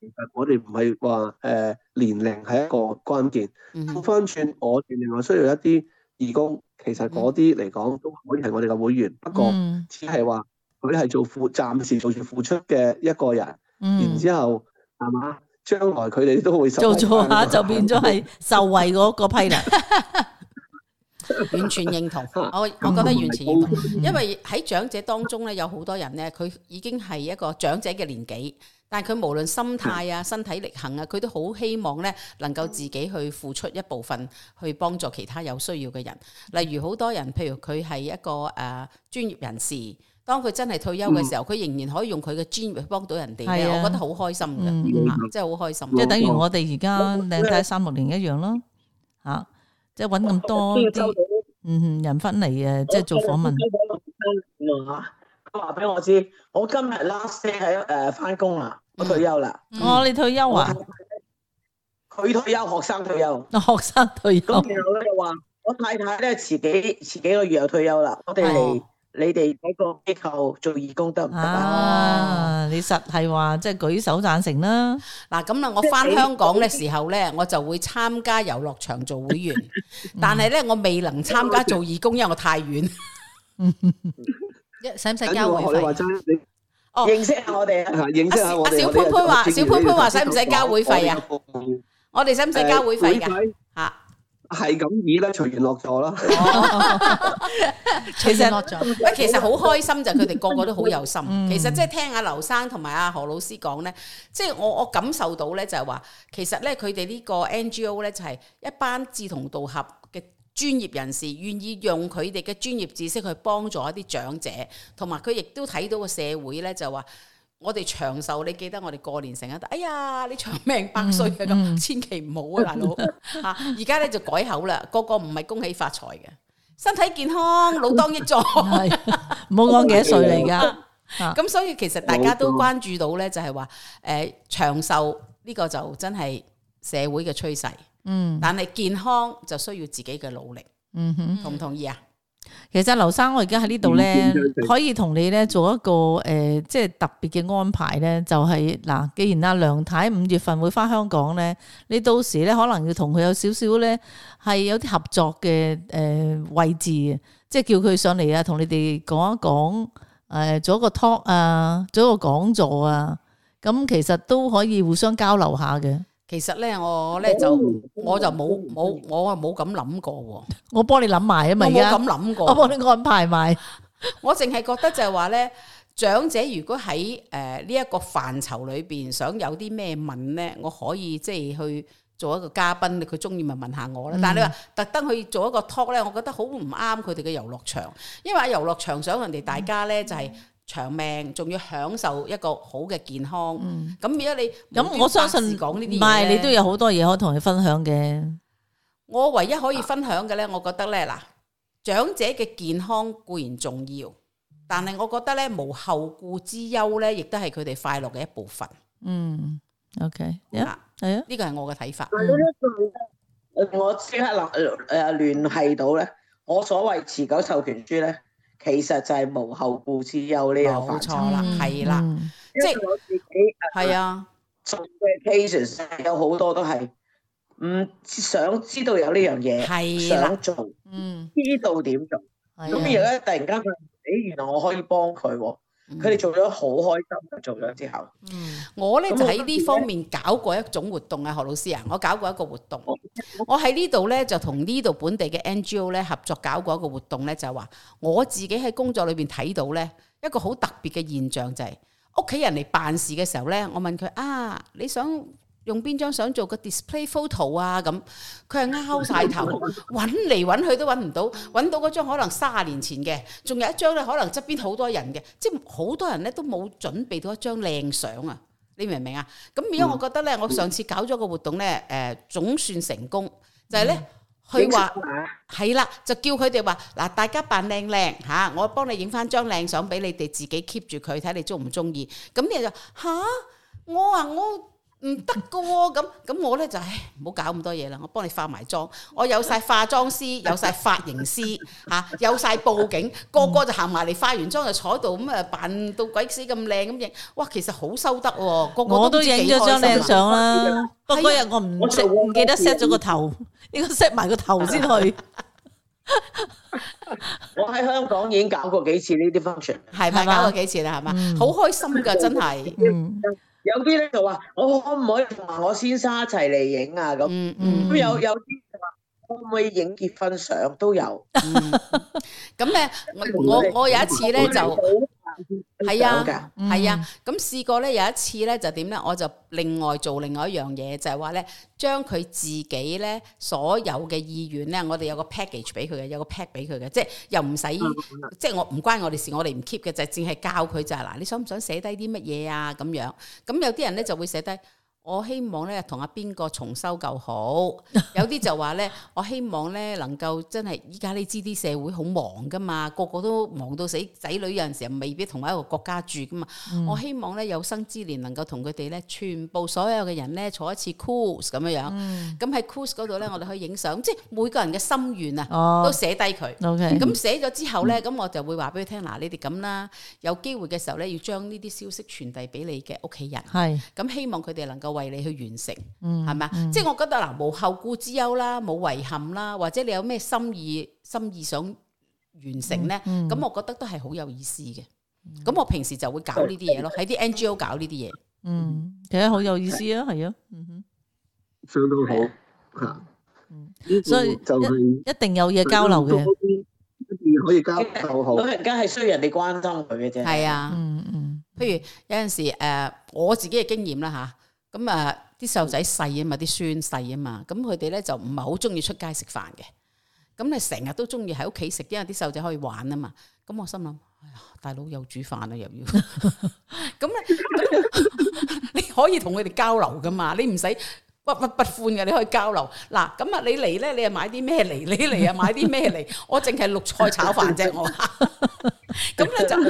其實我哋唔係話誒年齡係一個關鍵，翻、嗯、反轉我哋另外需要一啲義工，其實嗰啲嚟講都可以係我哋嘅會員，不過只係話佢係做付，暫時做住付出嘅一個人，然之後係嘛？嗯嗯將來佢哋都會受惠，做做下，就變咗係受惠嗰個批啦。 完全認同，我我覺得完全認同。因為喺長者當中咧，有好多人咧，佢已經係一個長者嘅年紀，但係佢無論心態啊、身體力行啊，佢都好希望咧，能夠自己去付出一部分，去幫助其他有需要嘅人。例如好多人，譬如佢係一個誒、啊、專業人士。當佢真係退休嘅時候，佢仍然可以用佢嘅專業幫到人哋咧，我覺得好開心噶，真係好開心。即係等於我哋而家靚太三六零一樣咯，吓即係搵咁多啲嗯人翻嚟，誒，即係做訪問。佢話俾我知，我今日啦，last day 喺，誒，翻工啦，我退休啦。我話你退休啊？佢退休，學生退休。學生退休。話，我太太咧遲幾遲幾個月又退休啦，我哋嚟。你哋嗰個機構做義工得唔得啊？你實係話即係舉手讚成啦。嗱咁啦，我返香港嘅時候咧，就我就會參加悠樂長做會員， 但係咧我未能參加做義工，因為我太遠。使唔使交會費？哦，認識下我哋啊！認識下我。阿小潘潘話：小潘潘話，使唔使交會費啊？我哋使唔使交會費噶、啊？吓、呃？係咁以啦，隨緣落座啦。其實，其實好開心就係佢哋個個都好有心。其實即係聽阿劉生同埋阿何老師講咧，即係我我感受到咧就係話，其實咧佢哋呢個 NGO 咧就係一班志同道合嘅專業人士，願意用佢哋嘅專業知識去幫助一啲長者，同埋佢亦都睇到個社會咧就話。我哋長壽，你記得我哋過年成日得，哎呀，你長命百歲啊咁，千祈唔好啊，大佬吓！而家咧就改口啦，個個唔係恭喜發財嘅，身體健康，老當益壯，唔好講幾多歲嚟噶。咁 所以其實大家都關注到咧，就係話，誒長壽呢個就真係社會嘅趨勢。嗯，但係健康就需要自己嘅努力。嗯哼，同唔同意啊？其實劉生，我而家喺呢度咧，可以同你咧做一個誒、呃，即係特別嘅安排咧，就係、是、嗱，既然阿梁太五月份會翻香港咧，你到時咧可能要同佢有少少咧係有啲合作嘅誒、呃、位置，即係叫佢上嚟啊，同你哋講一講誒，做一個 talk 啊，做一個講座啊，咁其實都可以互相交流下嘅。其實咧，我咧就我就冇冇我啊冇咁諗過。我幫你諗埋啊嘛，咁諗過，我幫你安排埋。我淨係覺得就係話咧，長者如果喺誒呢一個範疇裏邊，想有啲咩問咧，我可以即係去做一個嘉賓，佢中意咪問下我啦。但係你話特登去做一個 talk 咧，我覺得好唔啱佢哋嘅遊樂場，因為喺遊樂場想人哋大家咧就係、是。長命仲要享受一個好嘅健康，咁而家你咁、嗯、我相信講呢啲唔係，你都有好多嘢可同你分享嘅。我唯一可以分享嘅呢，啊、我覺得呢，嗱，長者嘅健康固然重要，但係我覺得呢，無後顧之憂呢，亦都係佢哋快樂嘅一部分。嗯，OK，係、yeah, 啊，呢個係我嘅睇法。嗯嗯、我即刻聯誒聯繫到呢，我所謂持久授權書呢。其實就係無後顧之憂，呢個，冇錯啦，係啦，即係我自己係啊，做嘅 cases 有好多都係唔想知道有呢樣嘢，係想做，嗯，知道點做，咁而家突然間佢，誒，原來我可以幫佢，佢哋做咗好開心，做咗之後，我咧就喺呢方面搞過一種活動啊，何老師啊，我搞過一個活動。我喺呢度咧，就同呢度本地嘅 NGO 咧合作搞過一個活動咧，就係話我自己喺工作裏邊睇到咧一個好特別嘅現象，就是，就係屋企人嚟辦事嘅時候咧，我問佢啊，你想用邊張相做個 display photo 啊？咁佢係拗晒頭，揾嚟揾去都揾唔到，揾到嗰張可能三十年前嘅，仲有一張咧可能側邊好多人嘅，即係好多人咧都冇準備到一張靚相啊。你明唔明啊？咁因為我覺得咧，我上次搞咗個活動咧，誒、嗯、總算成功，就係、是、咧，佢話係啦，就叫佢哋話嗱，大家扮靚靚吓，我幫你影翻張靚相俾你哋，自己 keep 住佢，睇你中唔中意。咁你人就吓？我話我。唔得嘅喎，咁咁我咧就唉，唔好搞咁多嘢啦。我幫你化埋妝，我有晒化妝師，有晒髮型師，吓有晒布景，個個就行埋嚟，化完妝就坐喺度咁啊，扮到鬼死咁靚咁影。哇，其實好收得，個個都影咗張靚相啦。不過嗰日我唔唔記得 set 咗個頭，應該 set 埋個頭先去。我喺香港已經搞過幾次呢啲 function，係咪搞過幾次啦？係嘛，好開心噶，真係。有啲咧就話，我可唔可以同我先生一齊嚟影啊，咁，咁有有啲就話，可唔可以影結婚相都有，咁咧我我我有一次咧就。係、嗯、啊，係啊，咁試過咧，有一次咧就點咧，我就另外做另外一樣嘢，就係話咧，將佢自己咧所有嘅意願咧，我哋有個 package 俾佢嘅，有個 pack 俾佢嘅，即係又唔使，嗯、即係我唔關我哋事，我哋唔 keep 嘅，就係淨係教佢就係嗱，你想唔想寫低啲乜嘢啊？咁樣，咁有啲人咧就會寫低。我希望咧同阿邊個重修舊好， 有啲就話咧，我希望咧能夠真係依家你知啲社會好忙噶嘛，個個都忙到死，仔女有陣時未必同一個國家住噶嘛。嗯、我希望咧有生之年能夠同佢哋咧全部所有嘅人咧坐一次 cruise 咁樣樣，咁喺 cruise 嗰度咧我哋可以影相，即係每個人嘅心願啊，都寫低佢。哦、o、okay. 咁寫咗之後咧，咁我就會話俾佢聽，嗱、嗯，你哋咁啦，有機會嘅時候咧要將呢啲消息傳遞俾你嘅屋企人。係是，咁希望佢哋能夠。為你去完成，係咪啊？即係我覺得嗱，無後顧之憂啦，冇遺憾啦，或者你有咩心意、心意想完成咧？咁我覺得都係好有意思嘅。咁我平時就會搞呢啲嘢咯，喺啲 NGO 搞呢啲嘢。嗯，睇下好有意思啊，係啊，嗯哼，相當好吓。所以就係一定有嘢交流嘅，一定可以交流。老人家係需要人哋關心佢嘅啫。係啊，嗯嗯，譬如有陣時誒，我自己嘅經驗啦吓。咁啊，啲細路仔細啊嘛，啲孫細啊嘛，咁佢哋咧就唔係好中意出街食飯嘅，咁你成日都中意喺屋企食，因為啲細路仔可以玩啊嘛，咁我心諗，哎呀，大佬又煮飯啦又要，咁 咧，你可以同佢哋交流噶嘛，你唔使。不不不歡嘅，你可以交流。嗱，咁啊，你嚟咧，你又買啲咩嚟？你嚟啊買啲咩嚟？我淨係綠菜炒飯啫，我。咁咧就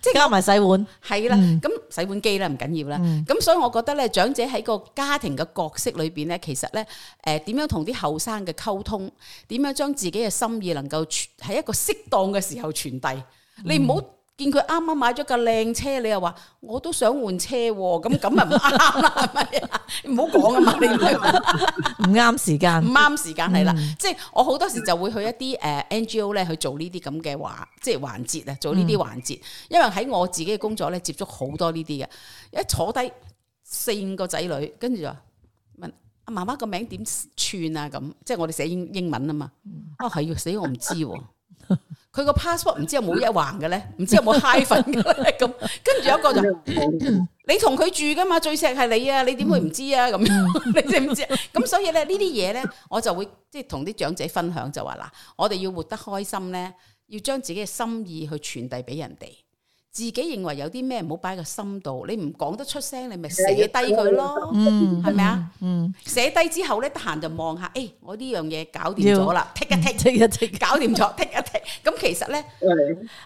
即係加埋洗碗，係啦。咁洗碗機咧唔緊要啦。咁所以我覺得咧，長者喺個家庭嘅角色裏邊咧，其實咧，誒，點樣同啲後生嘅溝通，點樣將自己嘅心意能夠傳，喺一個適當嘅時候傳遞。你唔好。見佢啱啱買咗架靚車，你又話我都想換車，咁咁咪唔啱啦，係咪啊？唔好講啊嘛，你唔啱 時間，唔啱時間係啦。嗯、即係我好多時就會去一啲誒 NGO 咧去做呢啲咁嘅話，即係環節啊，做呢啲環節。環節，嗯、因為喺我自己嘅工作咧，接觸好多呢啲嘅。一坐低四五個仔女，跟住就問阿媽媽個名點串啊？咁即係我哋寫英英文啊嘛。哦，係啊，死我唔知喎。 佢個 passport 唔知有冇一橫嘅咧，唔 知有冇 hyphen 嘅咧咁， 跟住有一個就， 你同佢住噶嘛，最錫係你，你啊， 你點會唔知啊咁樣，你知唔知？咁所以咧呢啲嘢咧，我就會即係同啲長者分享就話嗱，我哋要活得開心咧，要將自己嘅心意去傳遞俾人哋。自己認為有啲咩唔好擺個心度，你唔講得出聲，你咪寫低佢咯，係咪啊？是是嗯、寫低之後咧，得閒就望下，誒、欸，我呢樣嘢搞掂咗啦，剔要一剔，剔、嗯、一踢搞掂咗，剔 一剔。咁其實咧，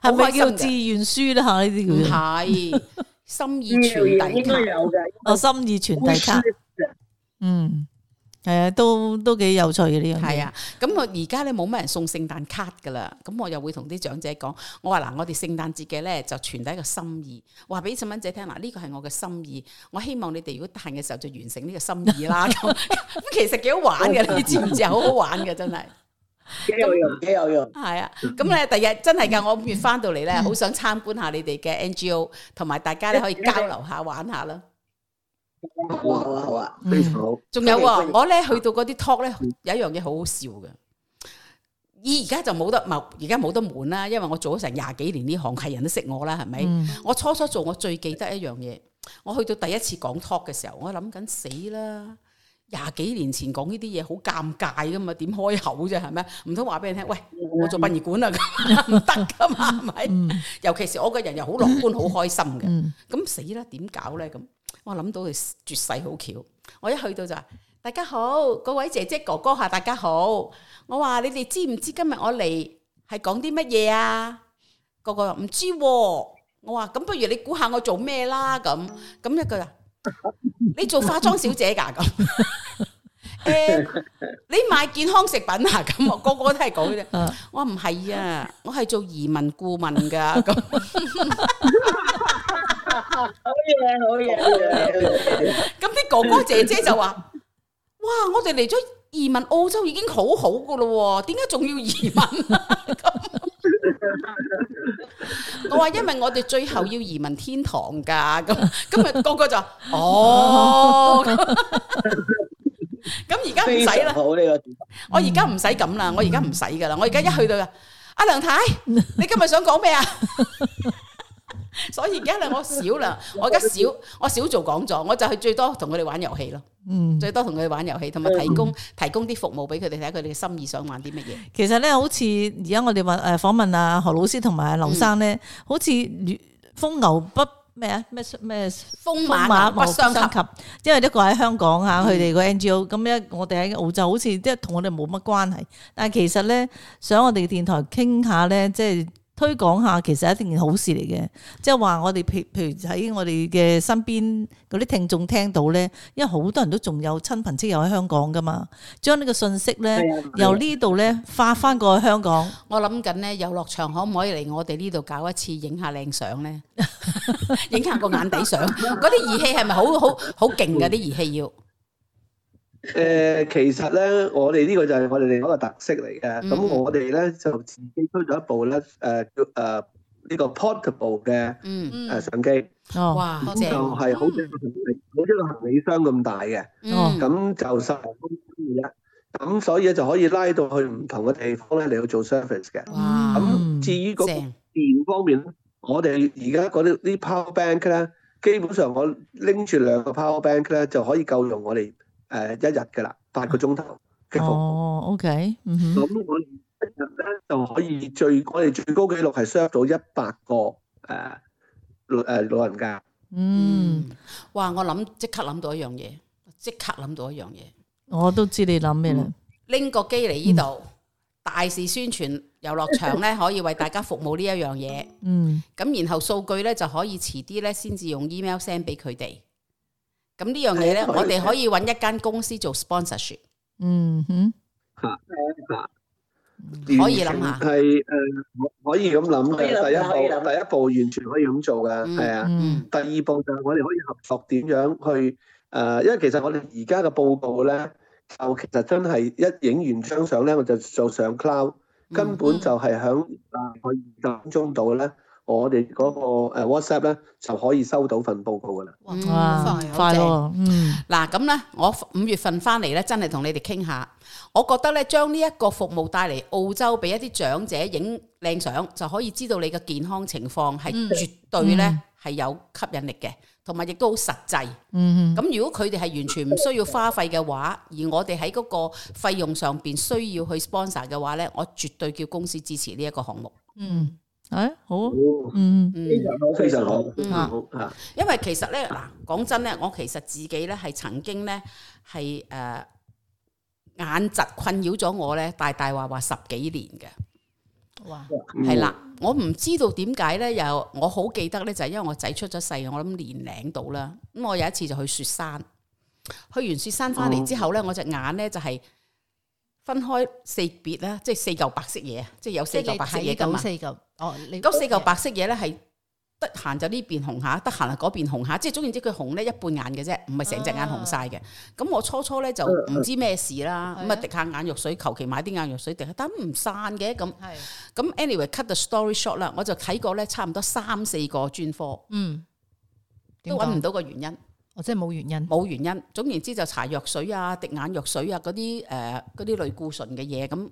係咪叫做志願書啦？嚇呢啲叫唔係心意傳遞卡，我心意傳遞卡，嗯。係啊，都都幾有趣嘅呢樣嘢。係啊，咁我而家咧，冇乜人送聖誕卡噶啦。咁我又會同啲長者講，我話嗱，我哋聖誕節嘅咧就傳遞一個心意，話俾陳文姐聽嗱，呢個係我嘅心意。我希望你哋如果得閒嘅時候就完成呢個心意啦。咁 其實幾好玩嘅，你知唔知 好好玩嘅真係，幾有用，幾有用。係啊，咁咧第日真係噶，我五月翻到嚟咧，好 想參觀下你哋嘅 NGO，同埋大家咧可以交流下，下，玩下啦。好啊，好啊，非常好。仲有，嗯、我咧，去到嗰啲 talk 咧，有一樣嘢好好笑嘅。而而家就冇得木，而家冇得門啦，因為我做咗成廿幾年呢行，係人都識我啦，係咪？嗯、我初初做，我最記得一樣嘢，我去到第一次講 talk 嘅時候，我諗緊死啦，廿幾年前講呢啲嘢好尷尬噶嘛，點開口啫？係咪？唔通話俾你聽？喂，我做殯儀館啦，唔得噶嘛，係咪？嗯，尤其是我個人又好樂觀，好，嗯、開心嘅，咁死啦，點搞咧？咁。我諗到佢絕世好巧，我一去到就話大家好，各位姐姐哥哥吓，大家好。我話你哋知唔知今日我嚟係講啲乜嘢啊？個個唔知，我話咁不如你估下我做咩啦？咁咁一句啦，你做化妝小姐噶咁？誒，你買健康食品啊？咁我個個都係講嘅。我話唔係啊，我係做移民顧問噶咁。好嘢，好嘢，咁啲哥哥姐姐就話：哇，我哋嚟咗移民澳洲已經好好噶啦，點解仲要移民？我 話因為我哋最後要移民天堂噶，咁今日個個就話：哦，咁而家唔使啦，我而家唔使咁啦，我而家唔使噶啦，我而家一去到啊，阿梁太，你今日想講咩啊？ 所以而家咧我少啦，我而家少，我少做講座，我就去最多同佢哋玩遊戲咯。嗯，最多同佢哋玩遊戲，同埋提供、嗯、提供啲服務俾佢哋睇下佢哋嘅心意，想玩啲乜嘢。其實咧，好似而家我哋問誒訪問阿何老師同埋阿劉生咧，嗯、好似風牛不咩啊咩咩風馬，風馬牛不相及。因為一個喺香港吓，佢哋個 N G O 咁咧，我哋喺澳洲好似即係同我哋冇乜關係。但係其實咧，想我哋電台傾下咧，即係。推廣下其實一定好事嚟嘅，即係話我哋譬譬如喺我哋嘅身邊嗰啲聽眾聽到呢，因為好多人都仲有親朋戚友喺香港㗎嘛，將呢個信息呢，由呢度呢，發返過去香港。我諗緊呢，悠樂長可唔可以嚟我哋呢度搞一次影下靚相呢？影 下個眼底相。嗰啲 儀器係咪好好好勁嘅啲儀器要？誒、呃，其實咧，我哋呢個就係我哋另外一個特色嚟嘅。咁、嗯、我哋咧就自己推咗一部咧，誒、呃、叫誒呢、呃這個 portable 嘅誒、嗯啊、相機，哇，就係、嗯、好似個行李箱咁大嘅。咁、嗯、就十零公斤嘅，咁所以就可以拉到去唔同嘅地方咧嚟去做 service 嘅。咁哇、嗯、至於嗰個電正方面咧，我哋而家嗰啲啲 power bank 咧，基本上我拎住兩個 power bank 咧就可以夠用我哋。誒一日嘅啦，八個鐘頭嘅服務。哦，OK，咁我一日咧就可以最、mm hmm. 我哋最高記錄係 serve 到一百個誒、uh, 老、uh, 老人家。嗯，哇！我諗即刻諗到一樣嘢，即刻諗到一樣嘢。我都知你諗咩啦？拎、嗯、個機嚟呢度，嗯、大肆宣傳悠樂長咧可以為大家服務呢一樣嘢。 嗯，咁然後數據咧就可以遲啲咧先至用 email send 俾佢哋。咁呢樣嘢咧，我哋可以揾一間公司做 sponsorship。嗯哼，吓，可以諗下。係誒，可以咁諗嘅。第一步，第一步完全可以咁做噶，係啊。第二步就係我哋可以合作，點樣去誒？因為其實我哋而家嘅報告咧，就其實真係一影完張相咧，我就做上 cloud，根本就係響嗱，我二十分鐘度咧。我哋嗰個 WhatsApp 咧就可以收到份報告噶啦，哇，快咯！嗯，嗱咁咧，我五月份翻嚟咧，真係同你哋傾下，我覺得咧，將呢一個服務帶嚟澳洲，俾一啲長者影靚相，就可以知道你嘅健康情況係絕對咧係、嗯、有吸引力嘅，同埋亦都好實際。嗯嗯哼，咁如果佢哋係完全唔需要花費嘅話，而我哋喺嗰個費用上邊需要去 sponsor 嘅話咧，我絕對叫公司支持呢一個項目。嗯。誒、哎、好、啊，嗯嗯，非常好，嗯、非常好嚇。因為其實咧，嗱講真咧，我其實自己咧係曾經咧係誒眼疾困擾咗我咧，大大話話十幾年嘅。哇！係啦，我唔知道點解咧，又我好記得咧，就係因為我仔出咗世，我諗年領到啦。咁我有一次就去雪山，去完雪山翻嚟之後咧，嗯、我隻眼咧就係、是。分開四別啦，即係四嚿白色嘢，即係有四嚿白色嘢咁啊！咁四嚿、哦、白色嘢咧係得閒就呢邊紅下，得閒就嗰邊紅下，即係總然之佢紅咧一半眼嘅啫，唔係成隻眼紅晒嘅。咁、啊、我初初咧就唔知咩事啦，咁啊、嗯、滴下眼藥水，求其買啲眼藥水滴下，但唔散嘅咁。係咁的，anyway cut the story short 啦，我就睇過咧差唔多三四個專科，嗯，都搵唔到個原因。哦，即係冇原因，冇原因。總言之就搽藥水啊、滴眼藥水啊嗰啲誒啲類固醇嘅嘢咁。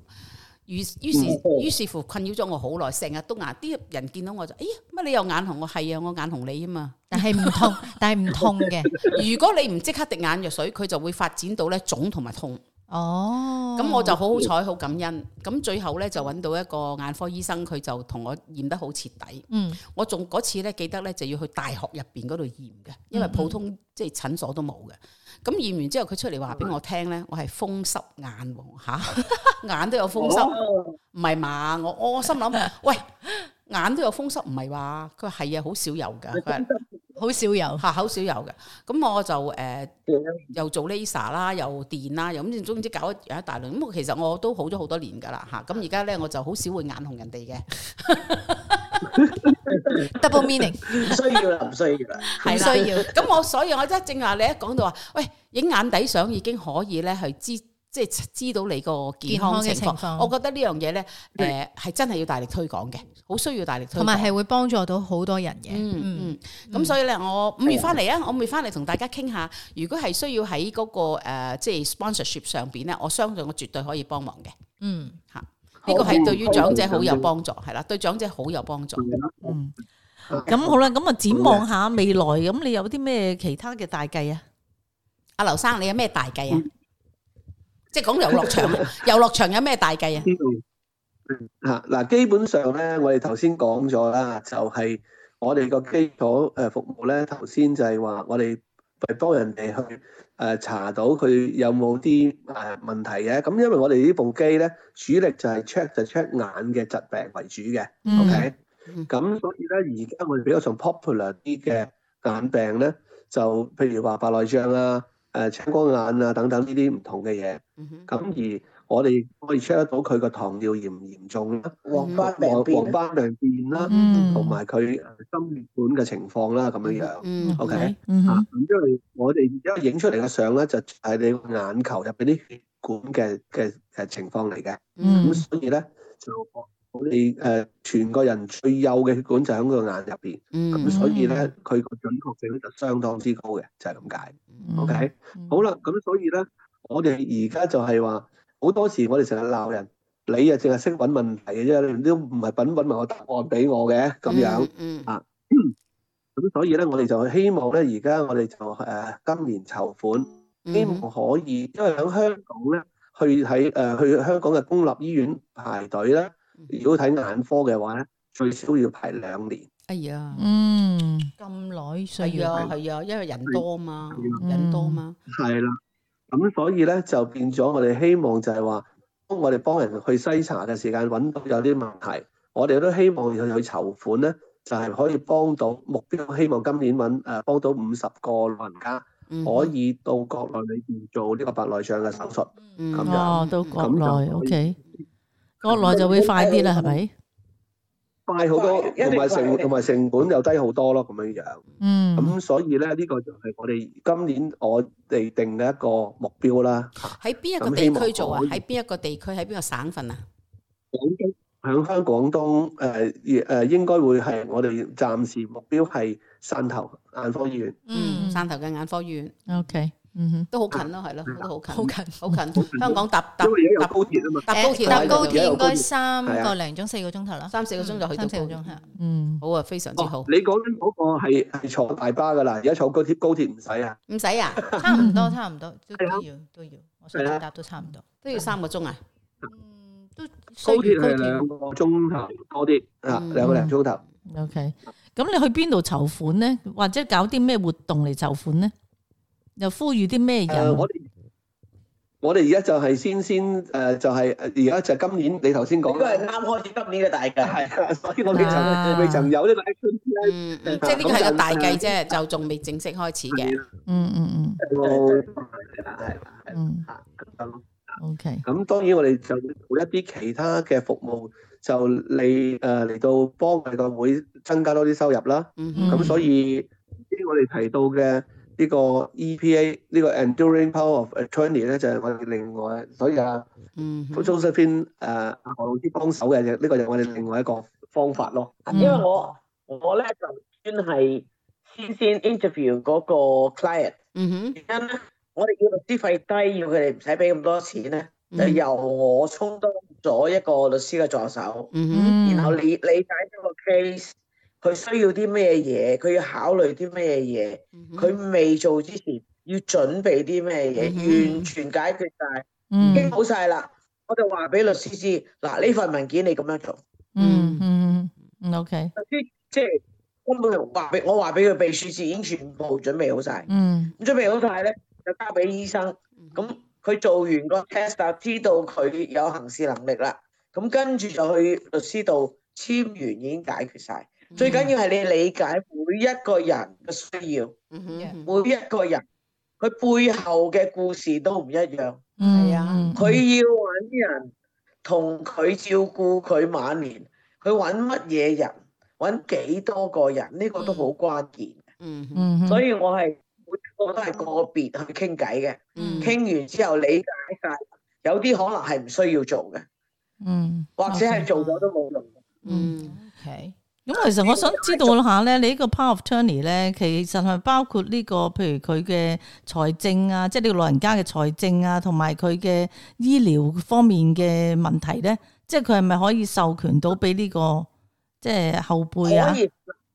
於於是於痛是乎困擾咗我好耐，成日都牙啲人見到我就，哎呀乜你又眼紅我係啊，我眼紅你啊嘛。但係唔痛， 但係唔痛嘅。 如果你唔即刻滴眼藥水，佢就會發展到咧腫同埋痛。哦，咁我就好好彩，好感恩。咁、嗯、最後咧就揾到一個眼科醫生，佢就同我驗得好徹底。嗯，我仲嗰次咧記得咧就要去大學入邊嗰度驗嘅，因為普通即係診所都冇嘅。咁驗完之後，佢出嚟話俾我聽咧，嗯、我係風濕眼，吓。 眼都有風濕，唔係嘛？我我，我心諗， 喂，眼都有風濕，唔係話？佢係啊，好少有噶。 好少有吓，好少有嘅。咁我就誒、呃、對又做 Laser 啦，又電啦，又咁之總之搞咗一，一大輪。咁其實我都好咗好多年㗎啦吓，咁而家咧，我就好少會眼紅人哋嘅。Double meaning，唔需要啦，唔需要啦，唔 的 需要。咁我所以我真係正話，你一講到話，喂，影眼底相已經可以咧去支。即係知道你個健康情況，我覺得呢樣嘢咧，誒係真係要大力推廣嘅，好需要大力推廣，同埋係會幫助到好多人嘅。嗯嗯，咁所以咧，我五月翻嚟啊，我五月翻嚟同大家傾下，如果係需要喺嗰個誒，即係 sponsorship 上邊咧，我相信我絕對可以幫忙嘅。嗯，吓呢個係對於長者好有幫助，係啦，對長者好有幫助。嗯，咁好啦，咁啊展望下未來，咁你有啲咩其他嘅大計啊？阿劉生，你有咩大計啊？即係講悠樂長，悠樂長有咩大計啊？嗯，吓嗱，基本上咧，我哋頭先講咗啦，就係我哋個基礎誒服務咧，頭先就係話我哋係幫人哋去誒查到佢有冇啲誒問題嘅。咁因為我哋呢部機咧，主力就係 check 就 check 眼嘅疾病為主嘅。OK，咁所以咧，而家我哋比較上 popular 啲嘅眼病咧，就譬如話白內障啦。誒青光眼啊，等等呢啲唔同嘅嘢，咁而我哋可以 check 得到佢個糖尿嚴唔嚴重啦，黃斑病變啦，同埋佢心血管嘅情況啦，咁樣樣，OK，啊，因為我哋而家影出嚟嘅相咧，就係你眼球入邊啲血管嘅嘅嘅情況嚟嘅，咁所以咧就。我哋誒全個人最幼嘅血管就喺個眼入邊，咁、mm hmm. 所以咧佢個準確性咧就相當之高嘅，就係、是、咁解，OK？、Mm hmm. 好啦，咁所以咧，我哋而家就係話好多時我哋成日鬧人，你啊淨係識揾問題嘅啫，你都唔係品品埋我答案俾我嘅咁樣、mm hmm. 啊，咁、嗯、所以咧我哋就希望咧而家我哋就誒、呃、今年籌款，希望可以、mm hmm. 因為喺香港咧去喺誒、呃、去香港嘅公立醫院排隊啦。如果睇眼科嘅話咧，最少要排兩年。哎呀，嗯，咁耐，所以係啊係啊，啊，啊，因為人多嘛，啊、人多嘛。係啦、嗯，咁、啊、所以咧就變咗我哋希望就係話，我哋幫人去篩查嘅時間揾到有啲問題，我哋都希望去去籌款咧，就係、是、可以幫到目標，希望今年揾誒、啊、幫到五十個老人家可以到國內裏邊做呢個白內障嘅手術。咁哦、嗯，到、啊、國內 OK。國內就會快啲啦，係咪？快好多，同埋成同埋成本又低好多咯，咁樣樣。嗯。咁所以咧，呢個就係我哋今年我哋定嘅一個目標啦。喺邊一個地區做啊？喺邊一個地區？喺邊個省份啊？響翻廣東誒，誒，應該會係我哋暫時目標係汕頭眼科醫院。嗯，汕頭嘅眼科醫院。Okay。嗯，都好近咯，係咯，都好近，好近，好近。香港搭搭搭高鐵啊嘛，搭高鐵，搭高鐵應該三個零鐘四個鐘頭啦，三四個鐘就去到。三四個鐘，係，嗯，好啊，非常之好。你講嗰個係係坐大巴噶啦，而家坐高鐵，高鐵唔使啊，唔使啊，差唔多，差唔多都要都要，我想搭都差唔多，都要三個鐘啊，嗯，都高鐵係兩個鐘頭多啲啊，兩個零鐘頭。OK，咁你去邊度籌款咧？或者搞啲咩活動嚟籌款咧？又呼籲啲咩人？我哋我哋而家就係先先誒，就係而家就今年你頭先講，應該係啱開始今年嘅大計係所以我哋就未曾有啲大數即係呢個係個大計啫，就仲未正式開始嘅。嗯嗯嗯。係啦，係啦，係啦。咁 OK。咁當然我哋就做一啲其他嘅服務，就嚟誒嚟到幫我哋個會增加多啲收入啦。咁所以啲我哋提到嘅。呢個 EPA 呢個 Enduring Power of Attorney 咧就係我哋另外，所以啊，蘇叔編誒阿何老師幫手嘅，呢個就係我哋另外一個方法咯。因為我我咧就專係先先 interview 嗰個 client，然後咧，我哋要律師費低，要佢哋唔使俾咁多錢咧，就由我充當咗一個律師嘅助手，然後理理解嗰個 case。佢需要啲咩嘢？佢要考慮啲咩嘢？佢未、mm hmm. 做之前要準備啲咩嘢？Mm hmm. 完全解決晒！已經好晒啦！Mm hmm. 我就話俾律師知嗱，呢份文件你咁樣做。嗯嗯、mm hmm.，OK。律師即係根本係話俾我話俾佢備註，事已經全部準備好晒，嗯、mm，咁、hmm. 準備好晒咧，就交俾醫生。咁佢、mm hmm. 做完個 test 啊，知道佢有行事能力啦。咁跟住就去律師度簽完，已經解決晒。Mm hmm. 最緊要係你理解每一個人嘅需要，mm hmm. 每一個人佢背後嘅故事都唔一樣，係啊、mm，佢、hmm. 要搵人同佢照顧佢晚年，佢搵乜嘢人，搵幾多個人呢、呢個都好關鍵嘅。嗯、mm，hmm. 所以我係每個都係個別去傾偈嘅，傾、mm hmm. 完之後理解晒，有啲可能係唔需要做嘅，嗯、mm，hmm. okay. 或者係做咗都冇用。嗯、mm hmm. o、okay. 咁其實我想知道下咧，你個呢個 power of attorney 咧，其實係包括呢、這個，譬如佢嘅財政啊，即係呢個老人家嘅財政啊，同埋佢嘅醫療方面嘅問題咧，即係佢係咪可以授權到俾呢、這個即係、就是、後輩啊可以？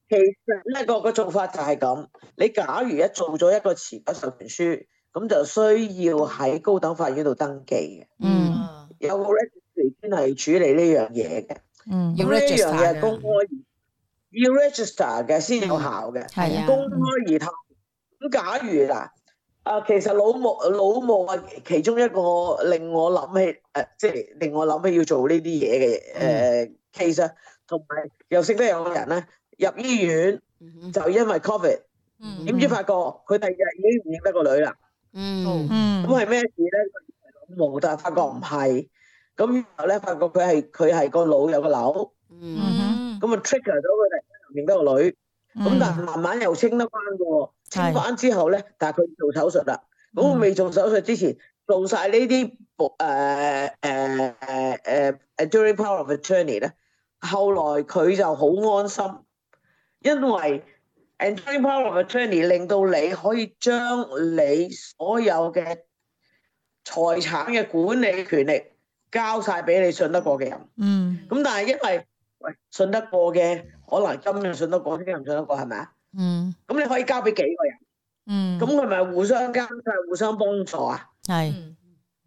其實呢個嘅做法就係咁，你假如一做咗一個持筆授權書，咁就需要喺高等法院度登記嘅。嗯，有好叻律師先係處理呢樣嘢嘅。嗯，要呢樣嘢公開。要 register 嘅先有效嘅，係啊，公開而透。咁假如嗱，啊，其實老母老母啊，其中一個令我諗起，誒，即係令我諗起要做呢啲嘢嘅，誒，其實同埋又識得有個人咧，入醫院就因為 COVID，點知發覺佢第二日已經唔認得個女啦，嗯，咁係咩事咧？老母就發覺唔係，咁然後咧發覺佢係佢係個腦有個瘤，嗯。咁啊 trigger 佢哋，認得個女，咁、嗯、但係慢慢又清得翻嘅是清翻之後咧，但係佢做手術啦。咁佢未做手術之前，做晒呢啲，誒、uh, 誒、uh, 誒、uh, 誒 Enduring Power of Attorney 咧。後來佢就好安心，因為 Enduring Power of Attorney 令到你可以將你所有嘅財產嘅管理權力交晒俾你信得過嘅人。嗯。咁但係因為信得過嘅，可能今日信得過，聽日唔信得過，係咪啊？嗯。咁你可以交俾幾個人？嗯。咁佢咪互相監察、互相幫助啊？係。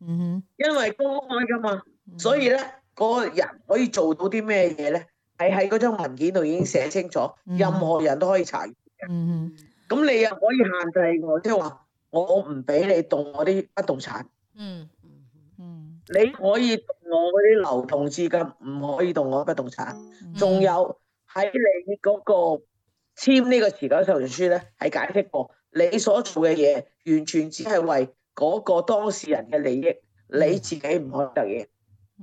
嗯哼。因為公開㗎嘛，所以咧，個人可以做到啲咩嘢咧？係喺嗰張文件度已經寫清楚，任何人都可以查。嗯哼。咁你又可以限制我，即係話我唔俾你動我啲不動產。嗯。你可以動我嗰啲流動資金，唔可以動我嘅不動產。仲、嗯、有喺你嗰個簽呢個持久授權書咧，係解釋過你所做嘅嘢，完全只係為嗰個當事人嘅利益，你自己唔可以得益，規、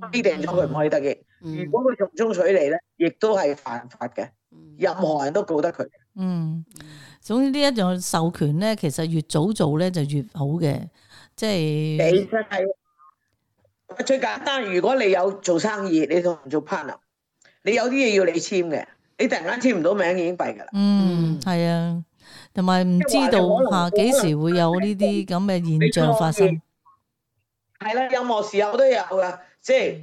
嗯嗯、定咗佢唔可以得益。如果佢從中取利咧，亦都係犯法嘅。任何人都告得佢。嗯，總之呢一種授權咧，其實越早做咧就越好嘅，即係。你真係。最簡單，如果你有做生意，你同做 partner，你有啲嘢要你簽嘅，你突然間簽唔到名已經弊噶啦。嗯，係啊，同埋唔知道下幾時會有呢啲咁嘅現象發生。係啦、啊，任何時候都有噶，即係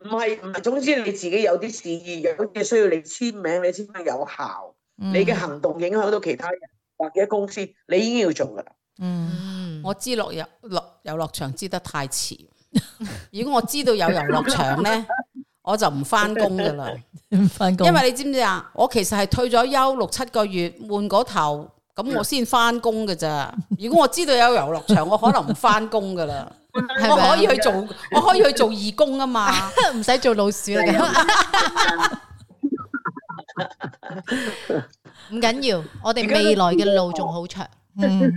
唔係唔係，總之你自己有啲事意嘅，啲嘢需要你簽名，你先至有效，嗯、你嘅行動影響到其他人或者公司，你已經要做噶、嗯。嗯，我知落入落悠樂長，知得到到太遲。 如果我知道有悠樂長呢，我就唔翻工噶啦， 唔翻工。因為你知唔知啊？我其實係退咗休六七個月，換個頭，咁我先翻工噶咋。如果我知道有悠樂長，我可能唔翻工噶啦。 我可以去做，我可以去做義工啊嘛，唔使 做老鼠啦。咁唔緊要，我哋未來嘅路仲好長。嗯，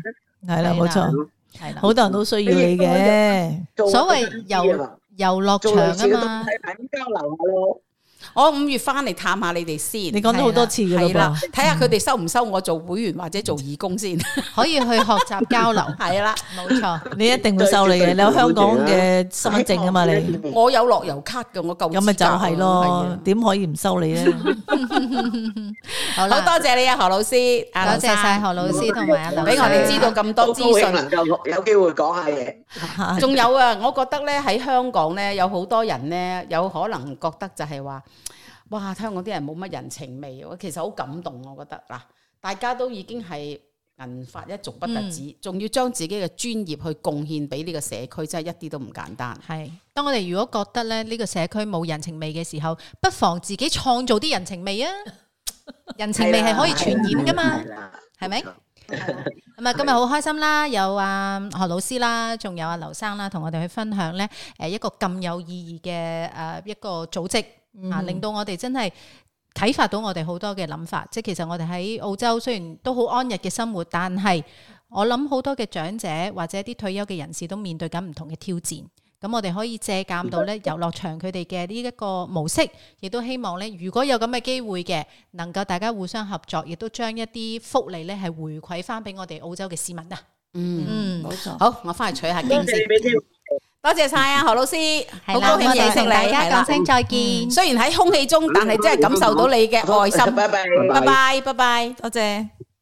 係啦，冇錯。 好多人都需要你嘅。所謂悠樂長啊嘛。我五月翻嚟探下你哋先，你講咗好多次啦，睇下佢哋收唔收我做會員或者做義工先，可以去學習交流。係啦，冇錯，你一定會收你嘅，你有香港嘅身份證啊嘛，你我有樂游卡嘅，我夠咁咪就係咯，點可以唔收你咧？好多謝你啊，何老師，多謝晒何老師同埋阿劉，俾我哋知道咁多資訊，能夠有機會講下嘢。仲有啊，我覺得咧喺香港咧，有好多人咧，有可能覺得就係話。哇！香港啲人冇乜人情味，我其實好感動，我覺得嗱、啊，大家都已經係銀髮一族不得止，仲、嗯、要將自己嘅專業去貢獻俾呢個社區，真係一啲都唔簡單。係，當我哋如果覺得咧呢、呢個社區冇人情味嘅時候，不妨自己創造啲人情味啊！人情味係可以傳染噶嘛，係咪？咁係、嗯、今日好開心啦，有啊何老師啦，仲有啊劉生啦，同我哋去分享咧，誒一個咁有意義嘅誒一個組織。嗱、啊，令到我哋真係啟發到我哋好多嘅諗法，即係其實我哋喺澳洲雖然都好安逸嘅生活，但係我諗好多嘅長者或者啲退休嘅人士都面對緊唔同嘅挑戰。咁我哋可以借鑑到咧悠樂長佢哋嘅呢一個模式，亦都希望咧如果有咁嘅機會嘅，能夠大家互相合作，亦都將一啲福利咧係回饋翻俾我哋澳洲嘅市民啊！嗯，冇、嗯、錯，好，我翻去取下經先。多謝晒啊，何老師，好 高興認識 你，你，大家，講聲再見。 雖然喺空氣中，但係真係感受到你嘅愛心。 拜拜， 拜拜， 拜拜， 多謝。